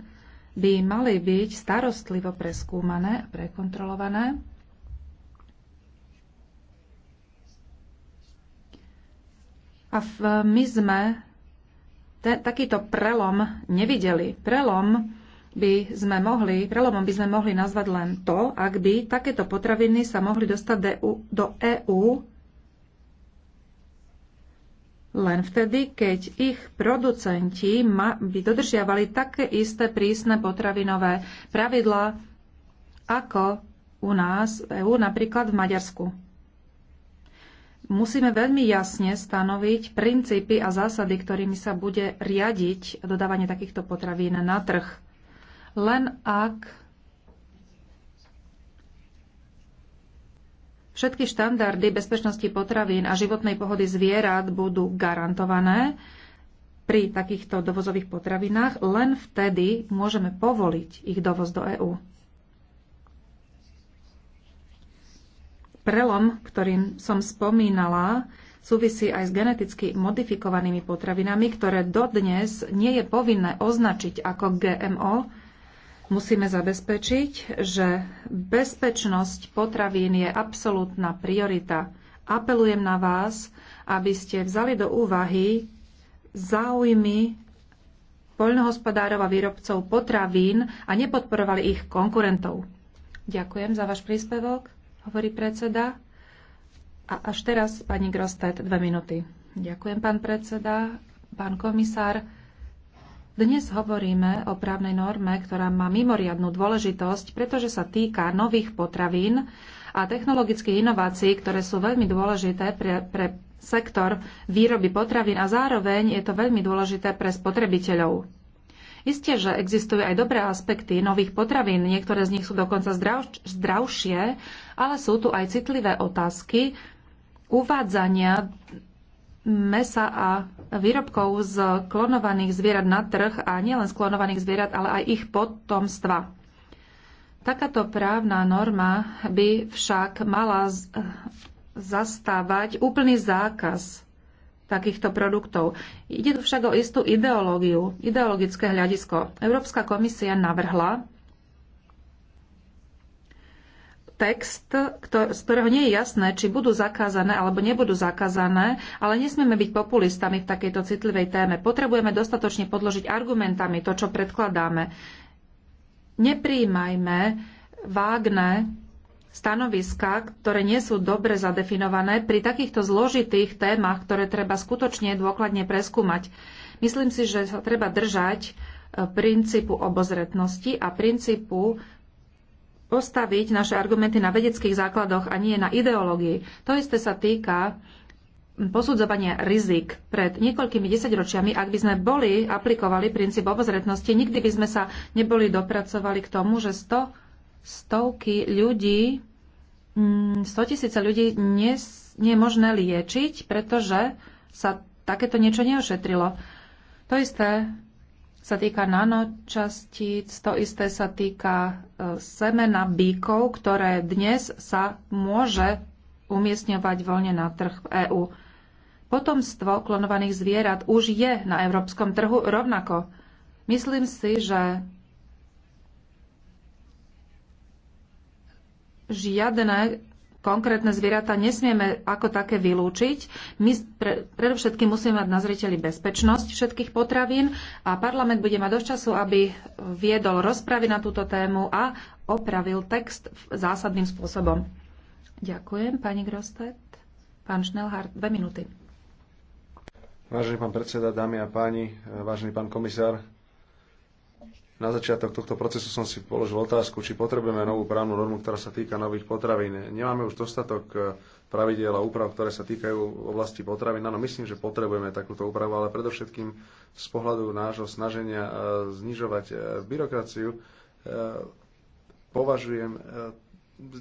Speaker 2: by mali byť starostlivo preskúmané a prekontrolované. A v, my sme te, takýto prelom nevideli. Prelom by sme mohli, prelomom by sme mohli nazvať len to, ak by takéto potraviny sa mohli dostať do EÚ e len vtedy, keď ich producenti by dodržiavali také isté prísne potravinové pravidlá ako u nás v EÚ, napríklad v Maďarsku. Musíme veľmi jasne stanoviť princípy a zásady, ktorými sa bude riadiť dodávanie takýchto potravín na trh len ak všetky štandardy bezpečnosti potravín a životnej pohody zvierat budú garantované pri takýchto dovozových potravinách, len vtedy môžeme povoliť ich dovoz do EÚ. Prelom, ktorým som spomínala, súvisí aj s geneticky modifikovanými potravinami, ktoré dodnes nie je povinné označiť ako GMO, Musíme zabezpečiť, že bezpečnosť potravín je absolútna priorita. Apelujem na vás, aby ste vzali do úvahy záujmy poľnohospodárov a výrobcov potravín a nepodporovali ich konkurentov. Ďakujem za váš príspevok, hovorí predseda. A až teraz pani Grostet, dve minúty. Ďakujem, pán predseda, pán komisár. Dnes hovoríme o právnej norme, ktorá má mimoriadnú dôležitosť, pretože sa týka nových potravín a technologických inovácií, ktoré sú veľmi dôležité pre, pre sektor výroby potravín a zároveň je to veľmi dôležité pre spotrebiteľov. Isté, že existujú aj dobré aspekty nových potravín, niektoré z nich sú dokonca zdrav, zdravšie, ale sú tu aj citlivé otázky uvádzania mesa a výrobkov z klonovaných zvierat na trh a nielen z klonovaných zvierat, ale aj ich potomstva. Takáto právna norma by však mala zastávať úplný zákaz takýchto produktov. Ide tu však o istú ideológiu, ideologické hľadisko. Európska komisia navrhla, text, z ktorého nie je jasné, či budú zakázané alebo nebudú zakázané, ale nesmieme byť populistami v takejto citlivej téme. Potrebujeme dostatočne podložiť argumentami to, čo predkladáme. Nepríjmajme vágne stanoviska, ktoré nie sú dobre zadefinované pri takýchto zložitých témach, ktoré treba skutočne dôkladne preskúmať. Myslím si, že sa treba držať e, princípu obozretnosti a princípu postaviť naše argumenty na vedeckých základoch a nie na ideológii. To isté sa týka posudzovania rizik. Pred niekoľkými desaťročiami, ak by sme boli, aplikovali princíp obozretnosti, nikdy by sme sa neboli dopracovali k tomu, že sto, stovky ľudí, mm, sto tisíce ľudí nie, nie je možné liečiť, pretože sa takéto niečo neošetrilo. To isté sa týka nanočastíc, to isté sa týka e, semena bíkov, ktoré dnes sa môže umiestňovať voľne na trh v EÚ. Potomstvo klonovaných zvierat už je na európskom trhu rovnako. Myslím si, že žiadne konkrétne zvieratá nesmieme ako také vylúčiť. My pre, predovšetkým musíme mať na zreteli bezpečnosť všetkých potravín a parlament bude mať dosť času, aby viedol rozpravy na túto tému a opravil text zásadným spôsobom. Ďakujem, pani Grostet. Pán Schnellhardt, dve minúty.
Speaker 3: Vážený pán predseda, dámy a páni, vážený pán komisár, na začiatok tohto procesu som si položil otázku, či potrebujeme novú právnu normu, ktorá sa týka nových potravín. Nemáme už dostatok e, pravidiel a úprav, ktoré sa týkajú oblasti potravín. Áno, myslím, že potrebujeme takúto úpravu, ale predovšetkým z pohľadu nášho snaženia e, znižovať e, byrokraciu považujem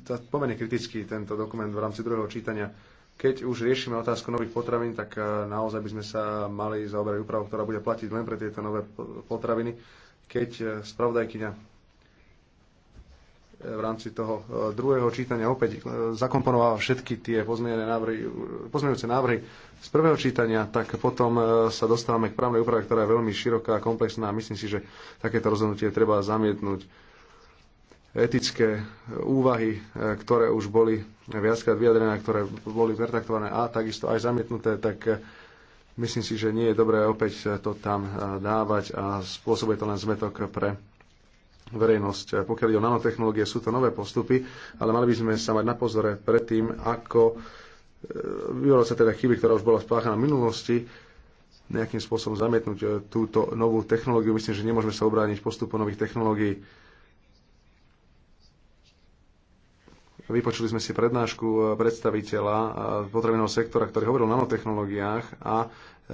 Speaker 3: za pomerne kritický tento dokument v rámci druhého čítania. Keď už riešime otázku nových potravín, tak naozaj by sme sa mali zaoberať úpravou, ktorá bude platiť len pre tieto nové potraviny keď e, spravodajkyňa e, v rámci toho e, druhého čítania opäť zakomponovala všetky tie pozmeňujúce návrhy z prvého čítania, tak potom sa dostávame k právnej úprave, ktorá je veľmi široká a komplexná a myslím si, že takéto rozhodnutie treba zamietnúť. Etické úvahy, ktoré už boli viackrát vyjadrené, ktoré boli pertaktované a takisto aj zamietnuté, tak Myslím si, že nie je dobré opäť to tam eh, dávať a spôsobuje to len zmetok pre verejnosť. Pokiaľ ide o nanotechnológie, sú to nové postupy, ale mali by sme sa mať na pozore pred tým, ako eh, vyvolať sa teda chyby, ktorá už bola spáchaná v minulosti, nejakým spôsobom zamietnúť eh, túto novú technológiu. Myslím, že nemôžeme sa obrániť postupom nových technológií. Vypočuli sme si prednášku eh, predstaviteľa eh, potrebného sektora, ktorý hovoril o nanotechnológiách a Eh,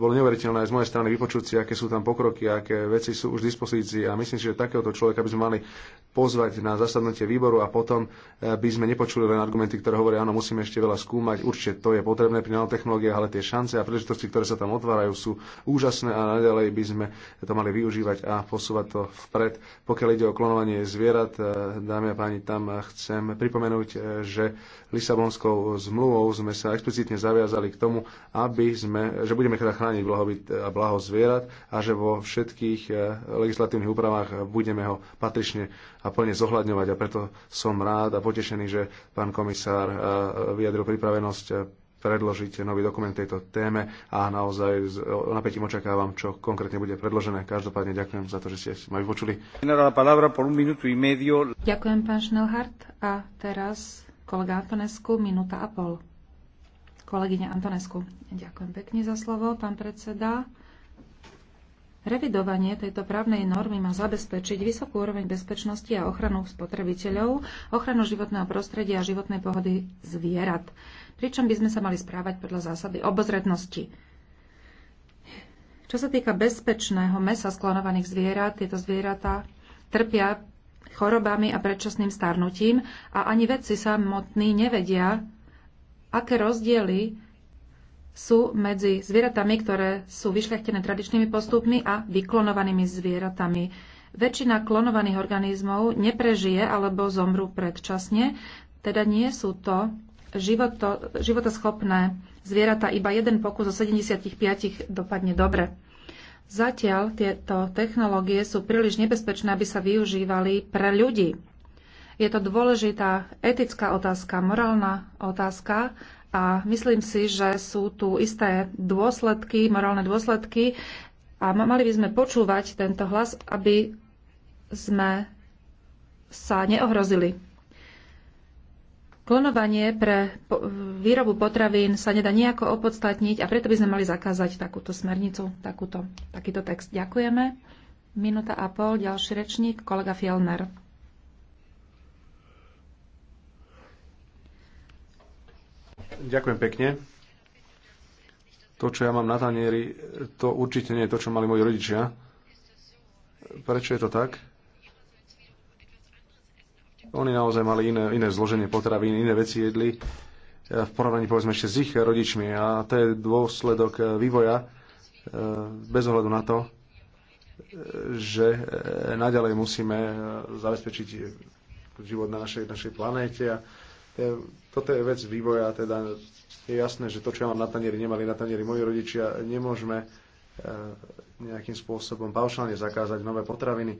Speaker 3: bolo neuveriteľné aj z mojej strany vypočuť si, aké sú tam pokroky, aké veci sú už v dispozícii a myslím si, že takéhoto človeka by sme mali pozvať na zasadnutie výboru a potom eh, by sme nepočuli len argumenty, ktoré hovoria, áno, musíme ešte veľa skúmať, určite to je potrebné pri nanotechnológiách, ale tie šance a príležitosti, ktoré sa tam otvárajú, sú úžasné a naďalej by sme to mali využívať a posúvať to vpred. Pokiaľ ide o klonovanie zvierat, eh, dámy a páni, tam chcem pripomenúť, že Lisabonskou zmluvou sme sa explicitne zaviazali k tomu, aby sme že budeme teda chrániť blahobyt a e, blaho zvierat a že vo všetkých e, legislatívnych úpravách budeme ho patrične a plne zohľadňovať. A preto som rád a potešený, že pán komisár e, vyjadril pripravenosť predložiť nový dokument tejto téme a naozaj s napätím očakávam, čo konkrétne bude predložené. Každopádne ďakujem za to, že ste ma vypočuli.
Speaker 2: Ďakujem, pán Schnellhardt. A teraz kolega Antonescu, minúta a pol kolegyňa Antonesku. Ďakujem pekne za slovo, pán predseda. Revidovanie tejto právnej normy má zabezpečiť vysokú úroveň bezpečnosti a ochranu spotrebiteľov, ochranu životného prostredia a životnej pohody zvierat. Pričom by sme sa mali správať podľa zásady obozretnosti. Čo sa týka bezpečného mesa sklonovaných zvierat, tieto zvieratá trpia chorobami a predčasným starnutím a ani vedci samotní nevedia, aké rozdiely sú medzi zvieratami, ktoré sú vyšľachtené tradičnými postupmi a vyklonovanými zvieratami. Väčšina klonovaných organizmov neprežije alebo zomrú predčasne, teda nie sú to životo, životoschopné zvieratá. Iba jeden pokus zo 75 dopadne dobre. Zatiaľ tieto technológie sú príliš nebezpečné, aby sa využívali pre ľudí. Je to dôležitá etická otázka, morálna otázka a myslím si, že sú tu isté dôsledky, morálne dôsledky a mali by sme počúvať tento hlas, aby sme sa neohrozili. Klonovanie pre výrobu potravín sa nedá nejako opodstatniť a preto by sme mali zakázať takúto smernicu, takúto, takýto text. Ďakujeme. Minúta a pol, ďalší rečník, kolega Fielner.
Speaker 3: Ďakujem pekne. To, čo ja mám na tanieri, to určite nie je to, čo mali moji rodičia. Prečo je to tak? Oni naozaj mali iné, iné zloženie potravín, iné veci jedli e, v porovnaní povedzme ešte s ich rodičmi a to je dôsledok e, vývoja e, bez ohľadu na to, že naďalej musíme zabezpečiť život na našej, našej planéte a toto je vec vývoja, teda je jasné, že to, čo ja mám na tanieri, nemali na tanieri moji rodičia, nemôžeme e, nejakým spôsobom paušálne zakázať nové potraviny.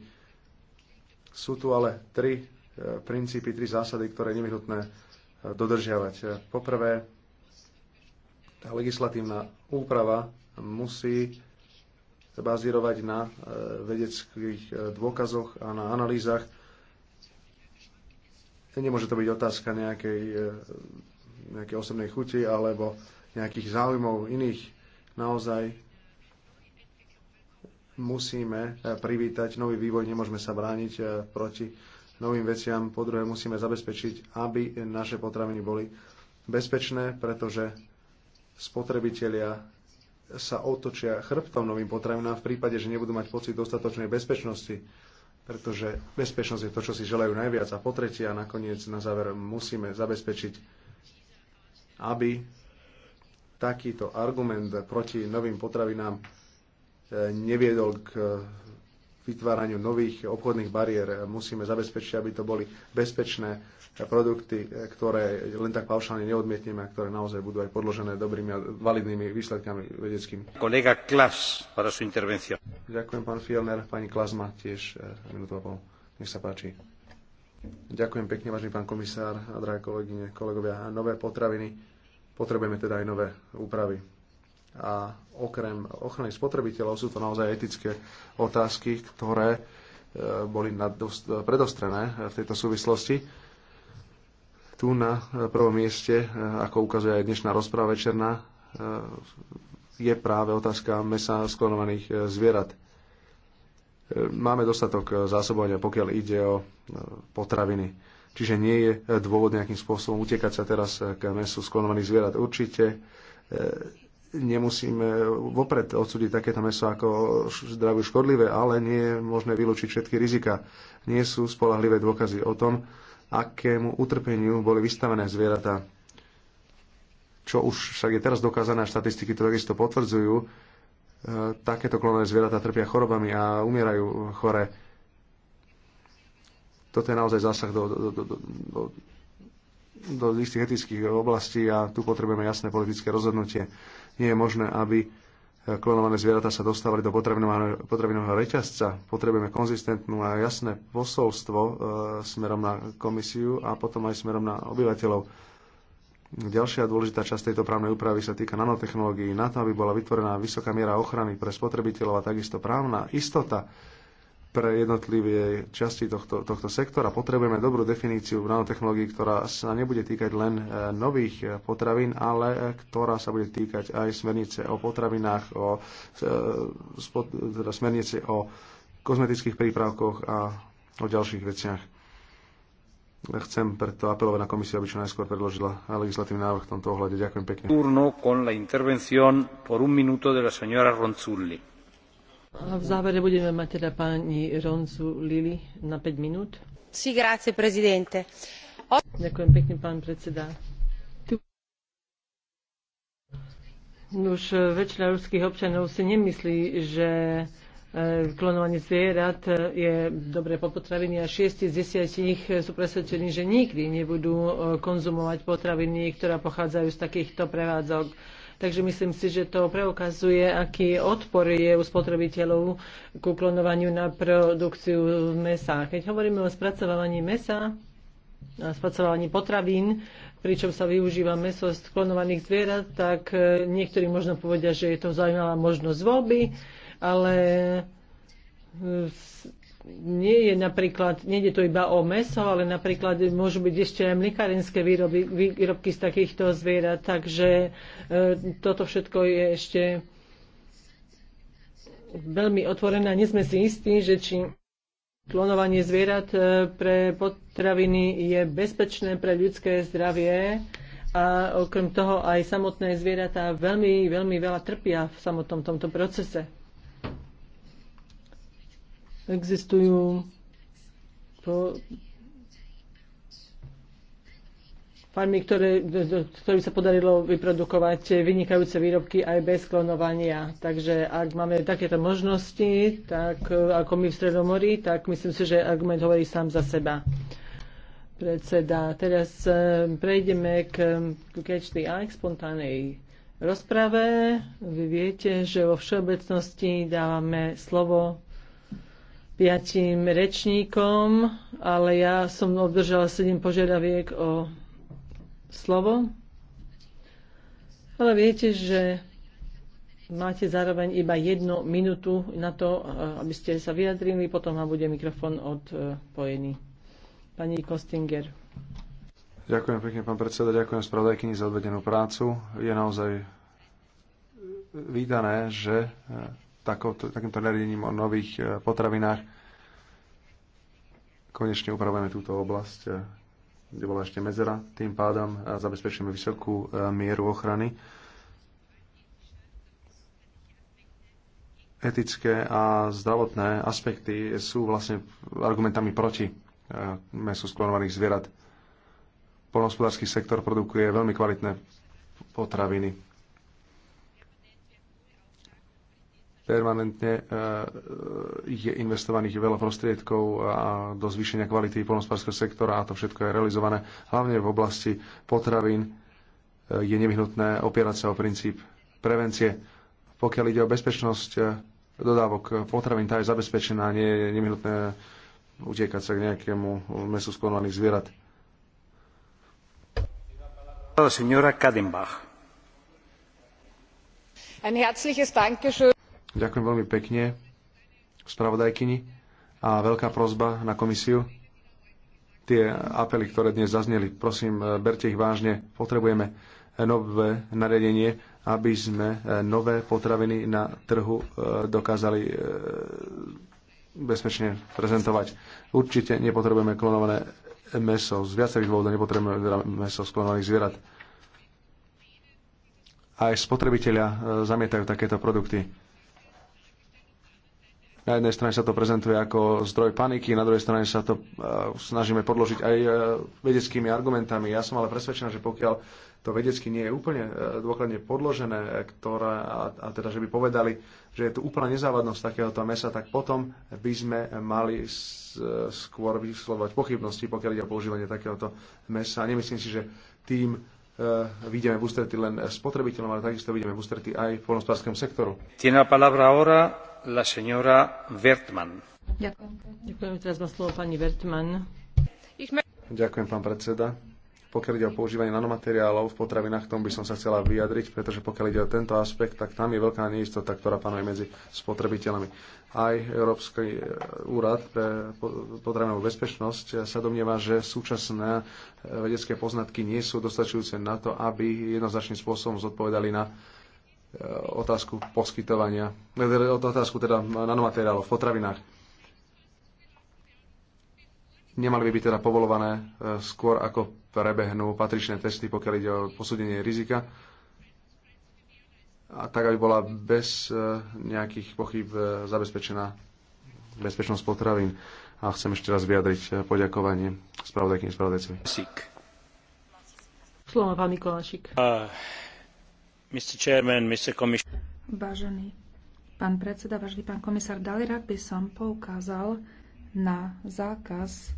Speaker 3: Sú tu ale tri e, princípy, tri zásady, ktoré je nevyhnutné e, dodržiavať. Poprvé, tá legislatívna úprava musí bazírovať na vedeckých dôkazoch a na analýzach Nemôže to byť otázka nejakej, e, nejakej osobnej chuti alebo nejakých záujmov iných. Naozaj musíme e, privítať nový vývoj, nemôžeme sa brániť e, proti novým veciam. Po druhé, musíme zabezpečiť, aby naše potraviny boli bezpečné, pretože spotrebitelia sa otočia chrbtom novým potravinám v prípade, že nebudú mať pocit dostatočnej bezpečnosti pretože bezpečnosť je to, čo si želajú najviac. A po tretie, a nakoniec na záver musíme zabezpečiť, aby takýto argument proti novým potravinám eh, neviedol k eh, vytváraniu nových obchodných bariér. Musíme zabezpečiť, aby to boli bezpečné produkty, ktoré len tak paušálne neodmietneme a ktoré naozaj budú aj podložené dobrými a validnými výsledkami vedeckými. Kolega Klas, para su intervencia. Ďakujem, pán Fielner. Pani Klasma tiež eh, minútu a pol. Nech sa páči. Ďakujem pekne, vážený pán komisár a drahé kolegyne, kolegovia. Nové potraviny, potrebujeme teda aj nové úpravy a okrem ochrany spotrebiteľov sú to naozaj etické otázky, ktoré e, boli predostrené v tejto súvislosti. Tu na e, prvom mieste, e, ako ukazuje aj dnešná rozpráva večerná, je práve otázka mesa sklonovaných zvierat. Máme dostatok zásobovania, pokiaľ ide o potraviny. Čiže nie je dôvod nejakým spôsobom utekať sa teraz k mesu sklonovaných zvierat. Určite Nemusím e, vopred odsúdiť takéto meso ako zdraviu škodlivé, ale nie je možné vylúčiť všetky rizika. Nie sú spolahlivé dôkazy o tom, akému utrpeniu boli vystavené zvieratá. Čo už však je teraz dokázané, štatistiky to takisto potvrdzujú, e, takéto klonové zvieratá trpia chorobami a umierajú chore. Toto je naozaj zásah do, do, do, do, do do istých etických oblastí a tu potrebujeme jasné politické rozhodnutie. Nie je možné, aby eh, klonované zvieratá sa dostávali do potravinového reťazca. Potrebujeme konzistentnú a jasné posolstvo e, smerom na komisiu a potom aj smerom na obyvateľov. Ďalšia dôležitá časť tejto právnej úpravy sa týka nanotechnológií. Na to, aby bola vytvorená vysoká miera ochrany pre spotrebiteľov a takisto právna istota pre jednotlivé časti tohto, tohto sektora. Potrebujeme dobrú definíciu nanotechnológií, ktorá sa nebude týkať len e, nových e, potravín, ale e, ktorá sa bude týkať aj smernice o potravinách, o, teda smernice o kozmetických prípravkoch a o ďalších veciach. Chcem preto apelovať na komisiu, aby čo najskôr predložila legislatívny návrh v tomto ohľade. Ďakujem pekne. Turno con la intervención por un minuto de la señora Ronzulli. A v závere
Speaker 1: budeme mať teda pani Roncu Lili na 5 minút. Sí, grazie, prezidente. O... Ďakujem pekne, pán predseda. Už väčšina ruských občanov si nemyslí, že e, klonovanie zvierat e, je dobré po potraviny a 6 z 10 sú presvedčení, že nikdy nebudú e, konzumovať potraviny, ktoré pochádzajú z takýchto prevádzok. Takže myslím si, že to preukazuje, aký odpor je u spotrebiteľov k uklonovaniu na produkciu mesa. Keď hovoríme o spracovávaní mesa, a spracovávaní potravín, pričom sa využíva meso z klonovaných zvierat, tak e, niektorí možno povedia, že je to zaujímavá možnosť voľby, ale e, nie je napríklad, nie je to iba o meso, ale napríklad môžu byť ešte aj mlikarenské výroby, výrobky z takýchto zvierat, takže e, toto všetko je ešte veľmi otvorené a nie sme si istí, že či klonovanie zvierat e, pre potraviny je bezpečné pre ľudské zdravie a okrem toho aj samotné zvieratá veľmi, veľmi veľa trpia v samotnom tomto procese existujú po farmy, ktoré, ktorým sa podarilo vyprodukovať vynikajúce výrobky aj bez klonovania. Takže ak máme takéto možnosti, tak eh, ako my v Stredomorí, tak myslím si, že argument hovorí sám za seba predseda. Teraz eh, prejdeme k, k Catch k spontánej rozprave. Vy viete, že vo všeobecnosti dávame slovo piatim rečníkom, ale ja som obdržala sedem požiadaviek o slovo. Ale viete, že máte zároveň iba jednu minútu na to, aby ste sa vyjadrili, potom vám bude mikrofón odpojený. Pani Kostinger.
Speaker 3: Ďakujem pekne, pán predseda, ďakujem spravodajkyni za odvedenú prácu. Je naozaj vydané, že takouto, takýmto nariadením o nových e, potravinách konečne upravujeme túto oblasť, e, kde bola ešte mezera. Tým pádom e, zabezpečíme vysokú mieru ochrany. Etické a zdravotné aspekty sú vlastne argumentami proti mesu sklonovaných zvierat. Polnohospodársky sektor produkuje veľmi kvalitné potraviny permanentne e, e, je investovaných veľa prostriedkov a do zvýšenia kvality polnospárskeho sektora a to všetko je realizované hlavne v oblasti potravín. E, je nevyhnutné opierať sa o princíp prevencie. Pokiaľ ide o bezpečnosť dodávok potravín, tá je zabezpečená, nie je nevyhnutné utiekať sa k nejakému mesu sklonovaných zvierat. Signora Kadenbach.
Speaker 2: Ein herzliches Dankeschön.
Speaker 3: Ďakujem veľmi pekne spravodajkyni a veľká prozba na komisiu. Tie apely, ktoré dnes zazneli, prosím, eh, berte ich vážne. Potrebujeme nové nariadenie, aby sme eh, nové potraviny na trhu eh, dokázali bezpečne prezentovať. Určite nepotrebujeme klonované meso. Z viacerých dôvodov nepotrebujeme meso z klonovaných zvierat. Aj spotrebitelia zamietajú takéto produkty na jednej strane sa to prezentuje ako zdroj paniky, na druhej strane sa to e, snažíme podložiť aj e, vedeckými argumentami. Ja som ale presvedčená, že pokiaľ to vedecky nie je úplne e, dôkladne podložené, ktorá, a, a teda, že by povedali, že je tu úplná nezávadnosť takéhoto mesa, tak potom by sme mali skôr vyslovať pochybnosti, pokiaľ ide o používanie takéhoto mesa. Nemyslím si, že tým vidíme v ústretí len spotrebiteľom, ale takisto vidíme v ústretí aj v polnospodárskom sektoru. Tiene palabra ahora Ďakujem.
Speaker 1: Teraz má slovo pani
Speaker 3: Ďakujem, pán predseda. Pokiaľ ide o používanie nanomateriálov v potravinách, tomu by som sa chcela vyjadriť, pretože pokiaľ ide o tento aspekt, tak tam je veľká neistota, ktorá panuje medzi spotrebiteľmi. Aj Európsky e, úrad pre potravinovú bezpečnosť sa domnieva, že súčasné e, vedecké poznatky nie sú dostačujúce na to, aby jednoznačným spôsobom zodpovedali na E, otázku poskytovania, e, teda otázku teda nanomateriálov v potravinách. Nemali by byť teda povolované e, skôr ako prebehnú patričné testy, pokiaľ ide o posúdenie rizika, a tak, aby bola bez nejakých pochyb zabezpečená bezpečnosť potravín. A chcem ešte raz vyjadriť poďakovanie spravodajkým spravodajcovi.
Speaker 2: Slovo pán Mikolášik.
Speaker 1: Uh Vážený
Speaker 2: pán predseda, vážený pán komisár, dali rád by som poukázal na zákaz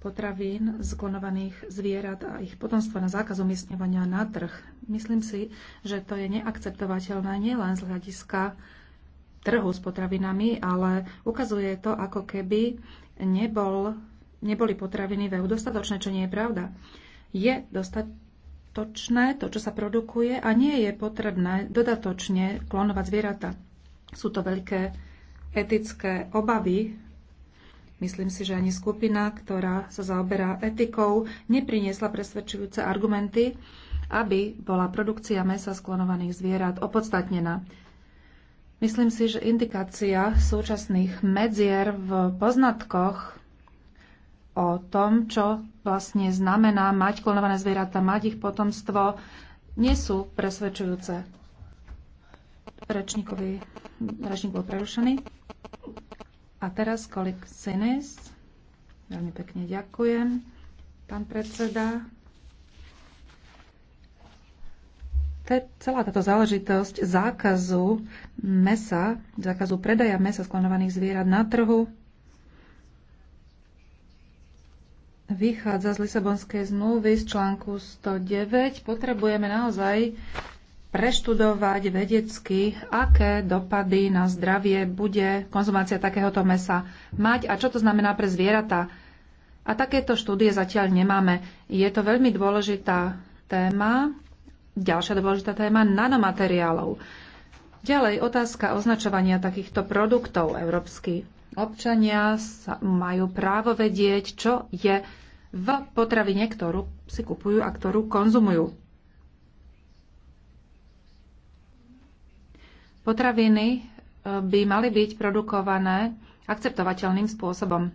Speaker 2: potravín z klonovaných zvierat a ich potomstva na zákaz umiestňovania na trh. Myslím si, že to je neakceptovateľné nielen z hľadiska trhu s potravinami, ale ukazuje to, ako keby nebol, neboli potraviny v EU dostatočné, čo nie je pravda. Je dostatočné dostatočné, to, čo sa produkuje a nie je potrebné dodatočne klonovať zvieratá. Sú to veľké etické obavy. Myslím si, že ani skupina, ktorá sa zaoberá etikou, nepriniesla presvedčujúce argumenty, aby bola produkcia mesa sklonovaných zvierat opodstatnená. Myslím si, že indikácia súčasných medzier v poznatkoch o tom, čo vlastne znamená mať klonované zvieratá, mať ich potomstvo, nie sú presvedčujúce. Rečníkovi, rečník bol prerušený. A teraz kolik Sinis. Veľmi pekne ďakujem, pán predseda. celá táto záležitosť zákazu mesa, zákazu predaja mesa sklonovaných zvierat na trhu vychádza z Lisabonskej zmluvy z článku 109, potrebujeme naozaj preštudovať vedecky, aké dopady na zdravie bude konzumácia takéhoto mesa mať a čo to znamená pre zvieratá. A takéto štúdie zatiaľ nemáme. Je to veľmi dôležitá téma, ďalšia dôležitá téma nanomateriálov. Ďalej otázka označovania takýchto produktov. Európsky občania sa majú právo vedieť, čo je v potravine, ktorú si kupujú a ktorú konzumujú. Potraviny e, by mali byť produkované akceptovateľným spôsobom.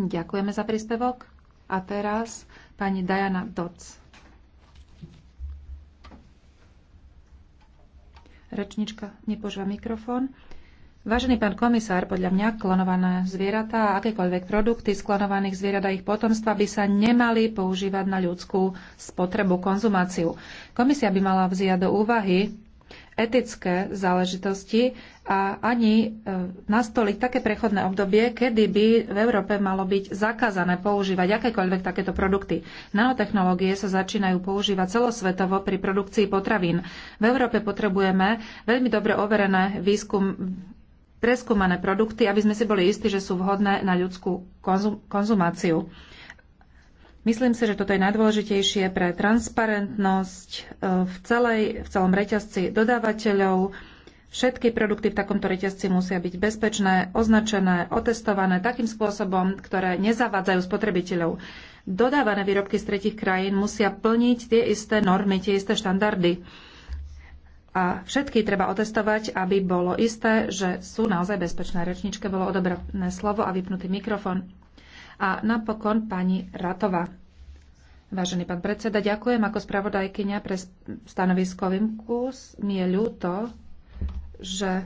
Speaker 2: Ďakujeme za príspevok. A teraz pani Diana Doc. Rečnička nepožíva mikrofón. Vážený pán komisár, podľa mňa klonované zvieratá a akékoľvek produkty z klonovaných zvierat a ich potomstva by sa nemali používať na ľudskú spotrebu, konzumáciu. Komisia by mala vziať do úvahy etické záležitosti a ani e, nastoliť také prechodné obdobie, kedy by v Európe malo byť zakázané používať akékoľvek takéto produkty. Nanotechnológie sa začínajú používať celosvetovo pri produkcii potravín. V Európe potrebujeme veľmi dobre overené výskum preskúmané produkty, aby sme si boli istí, že sú vhodné na ľudskú konzum- konzumáciu. Myslím si, že toto je najdôležitejšie pre transparentnosť e, v, celej, v celom reťazci dodávateľov. Všetky produkty v takomto reťazci musia byť bezpečné, označené, otestované takým spôsobom, ktoré nezavádzajú spotrebiteľov. Dodávané výrobky z tretich krajín musia plniť tie isté normy, tie isté štandardy a všetky treba otestovať, aby bolo isté, že sú naozaj bezpečné. Rečničke bolo odobrané slovo a vypnutý mikrofón. A napokon pani Ratová. Vážený pán predseda, ďakujem ako spravodajkyňa pre stanovisko Vimku. Mi je ľúto, že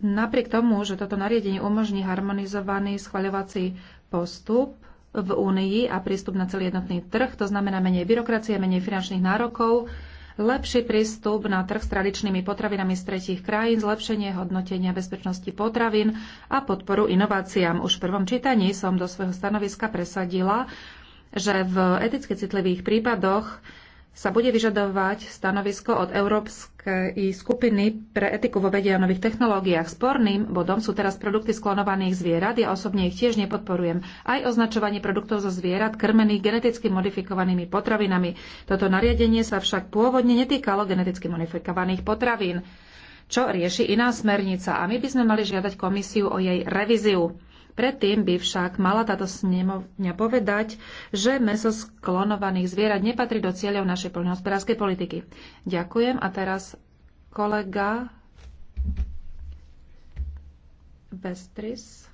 Speaker 2: napriek tomu, že toto nariadenie umožní harmonizovaný schvaľovací postup v Únii a prístup na celý jednotný trh, to znamená menej byrokracie, menej finančných nárokov, lepší prístup na trh s tradičnými potravinami z tretích krajín, zlepšenie hodnotenia bezpečnosti potravín a podporu inováciám. Už v prvom čítaní som do svojho stanoviska presadila, že v eticky citlivých prípadoch sa bude vyžadovať stanovisko od Európskej skupiny pre etiku vo vede a nových technológiách. Sporným bodom sú teraz produkty sklonovaných zvierat. Ja osobne ich tiež nepodporujem. Aj označovanie produktov zo zvierat krmených geneticky modifikovanými potravinami. Toto nariadenie sa však pôvodne netýkalo geneticky modifikovaných potravín, čo rieši iná smernica a my by sme mali žiadať komisiu o jej revíziu. Predtým by však mala táto snemovňa povedať, že meso z klonovaných zvierat nepatrí do cieľov našej poľnohospodárskej politiky. Ďakujem a teraz kolega Vestris.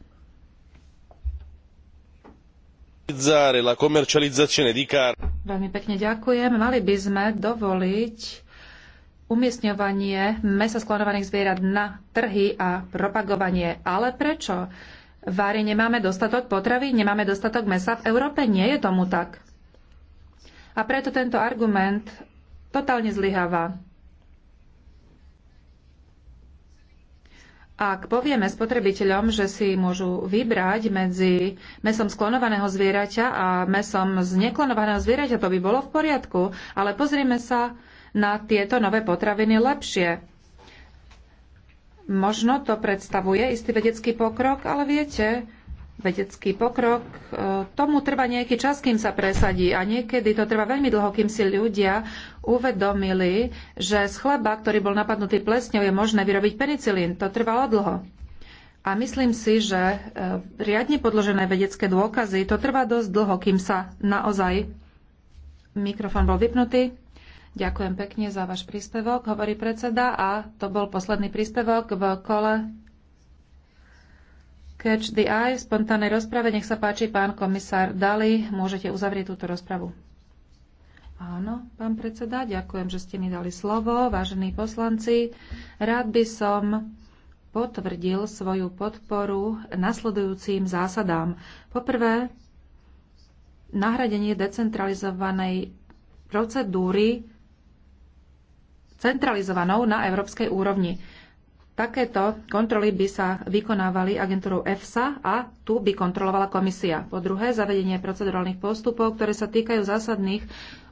Speaker 2: Veľmi pekne ďakujem. Mali by sme dovoliť umiestňovanie mesa sklonovaných zvierat na trhy a propagovanie. Ale prečo? Vári nemáme dostatok potravy, nemáme dostatok mesa. V Európe nie je tomu tak. A preto tento argument totálne zlyháva. Ak povieme spotrebiteľom, že si môžu vybrať medzi mesom sklonovaného zvieraťa a mesom z neklonovaného zvieraťa, to by bolo v poriadku, ale pozrieme sa na tieto nové potraviny lepšie. Možno to predstavuje istý vedecký pokrok, ale viete, vedecký pokrok, e, tomu trvá nejaký čas, kým sa presadí a niekedy to trvá veľmi dlho, kým si ľudia uvedomili, že z chleba, ktorý bol napadnutý plesňou, je možné vyrobiť penicilín. To trvalo dlho. A myslím si, že e, riadne podložené vedecké dôkazy, to trvá dosť dlho, kým sa naozaj mikrofón bol vypnutý. Ďakujem pekne za váš príspevok, hovorí predseda. A to bol posledný príspevok v kole Catch the Eye. V spontánnej rozprave nech sa páči pán komisár Dali. Môžete uzavrieť túto rozpravu. Áno, pán predseda, ďakujem, že ste mi dali slovo. Vážení poslanci, rád by som potvrdil svoju podporu nasledujúcim zásadám. Poprvé, nahradenie decentralizovanej procedúry centralizovanou na európskej úrovni. Takéto kontroly by sa vykonávali agentúrou EFSA a tu by kontrolovala komisia. Po druhé, zavedenie procedurálnych postupov, ktoré sa týkajú zásadných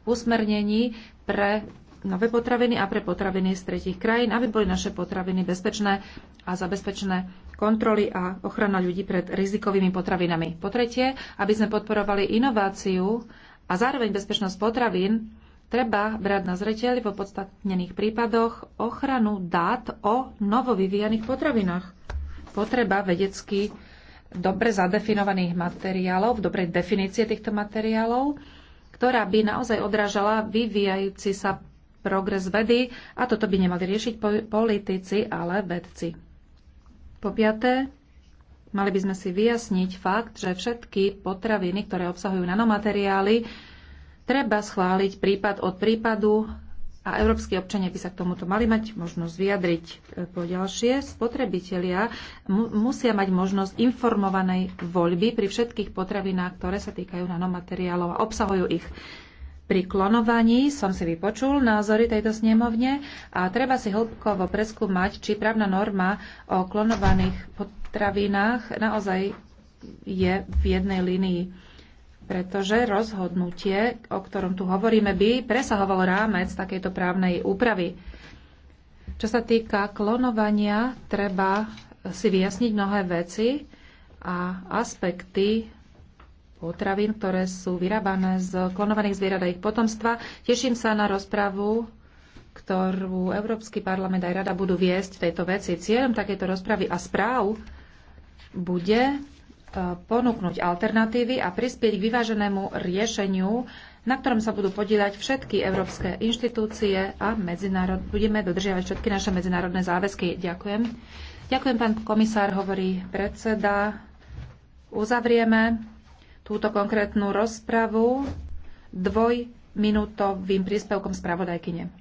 Speaker 2: usmernení pre nové potraviny a pre potraviny z tretich krajín, aby boli naše potraviny bezpečné a zabezpečné kontroly a ochrana ľudí pred rizikovými potravinami. Po tretie, aby sme podporovali inováciu a zároveň bezpečnosť potravín Treba brať na zreteľ v podstatnených prípadoch ochranu dát o novovyvíjaných potravinách. Potreba vedecky dobre zadefinovaných materiálov, dobrej definície týchto materiálov, ktorá by naozaj odrážala vyvíjajúci sa progres vedy a toto by nemali riešiť politici, ale vedci. Po piaté, mali by sme si vyjasniť fakt, že všetky potraviny, ktoré obsahujú nanomateriály, Treba schváliť prípad od prípadu a európsky občania by sa k tomuto mali mať možnosť vyjadriť. E, po ďalšie, spotrebitelia mu- musia mať možnosť informovanej voľby pri všetkých potravinách, ktoré sa týkajú nanomateriálov a obsahujú ich. Pri klonovaní som si vypočul názory tejto snemovne a treba si hĺbkovo preskúmať, či právna norma o klonovaných potravinách naozaj je v jednej línii pretože rozhodnutie, o ktorom tu hovoríme, by presahovalo rámec takejto právnej úpravy. Čo sa týka klonovania, treba si vyjasniť mnohé veci a aspekty potravín, ktoré sú vyrábané z klonovaných zvierat a ich potomstva. Teším sa na rozpravu, ktorú Európsky parlament aj rada budú viesť v tejto veci. Cieľom takejto rozpravy a správ bude ponúknuť alternatívy a prispieť k vyváženému riešeniu, na ktorom sa budú podielať všetky európske inštitúcie a medzinárod... budeme dodržiavať všetky naše medzinárodné záväzky. Ďakujem. Ďakujem, pán komisár, hovorí predseda. Uzavrieme túto konkrétnu rozpravu dvojminútovým príspevkom spravodajkyne.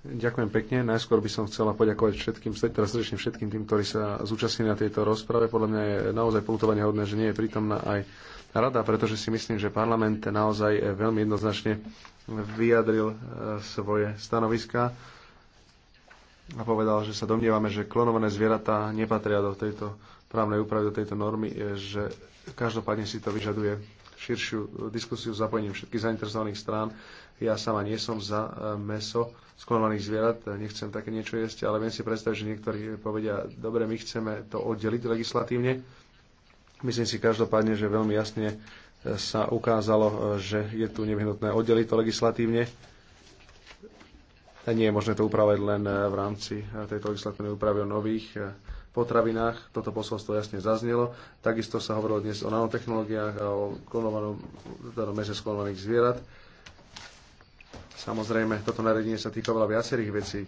Speaker 3: Ďakujem pekne. Najskôr by som chcela poďakovať všetkým, teraz srdečne všetkým tým, ktorí sa zúčastnili na tejto rozprave. Podľa mňa je naozaj polutovania hodné, že nie je prítomná aj rada, pretože si myslím, že parlament naozaj veľmi jednoznačne vyjadril e, svoje stanoviska a povedal, že sa domnievame, že klonované zvieratá nepatria do tejto právnej úpravy, do tejto normy, e, že každopádne si to vyžaduje širšiu diskusiu s zapojením všetkých zainteresovaných strán. Ja sama nie som za e, meso sklonovaných zvierat, nechcem také niečo jesť, ale viem si predstaviť, že niektorí povedia, dobre, my chceme to oddeliť legislatívne. Myslím si každopádne, že veľmi jasne e, sa ukázalo, e, že je tu nevyhnutné oddeliť to legislatívne. Nie je možné to upravať len e, v rámci tejto legislatívnej úpravy o nových potravinách. Toto posolstvo jasne zaznelo. Takisto sa hovorilo dnes o nanotechnológiách a o klonovanom, teda sklonovaných zvierat Samozrejme, toto nariadenie sa týka veľa viacerých vecí.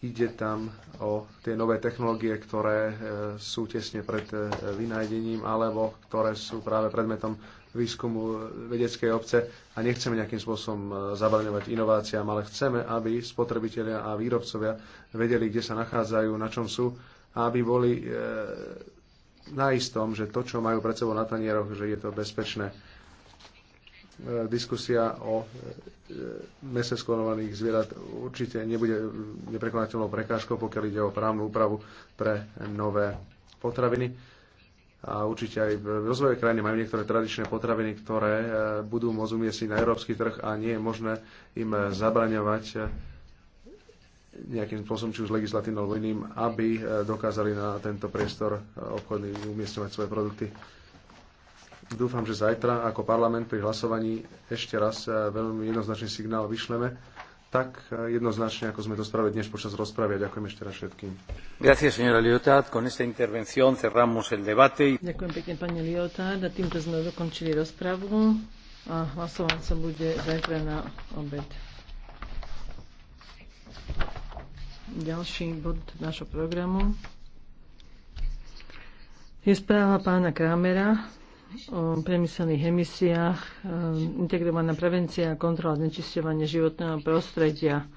Speaker 3: Ide tam o tie nové technológie, ktoré e, sú tesne pred e, vynájdením alebo ktoré sú práve predmetom výskumu e, vedeckej obce a nechceme nejakým spôsobom zabraňovať inováciám, ale chceme, aby spotrebitelia a výrobcovia vedeli, kde sa nachádzajú, na čom sú a aby boli na istom, že to, čo majú pred sebou na tanieroch, že je to bezpečné E, diskusia o e, e, mese sklonovaných zvierat určite nebude neprekonateľnou prekážkou, pokiaľ ide o právnu úpravu pre nové potraviny. A určite aj v rozvojové krajiny majú niektoré tradičné potraviny, ktoré budú môcť umiestniť na európsky trh a nie je možné im zabraňovať nejakým spôsobom, či už legislatívnym alebo iným, aby dokázali na tento priestor obchodný umiestňovať svoje produkty. Dúfam, že zajtra ako parlament pri hlasovaní ešte raz e, veľmi jednoznačný signál vyšleme tak e, jednoznačne, ako sme to spravili dnes počas rozpravy. A ďakujem ešte raz všetkým. Ďakujem
Speaker 1: pekne, pani Liotard. A týmto sme dokončili rozpravu a hlasovať sa bude zajtra na obed. Ďalší bod nášho programu je správa pána Krámera priemyselných emisiách, integrovaná prevencia a kontrola znečisťovania životného prostredia.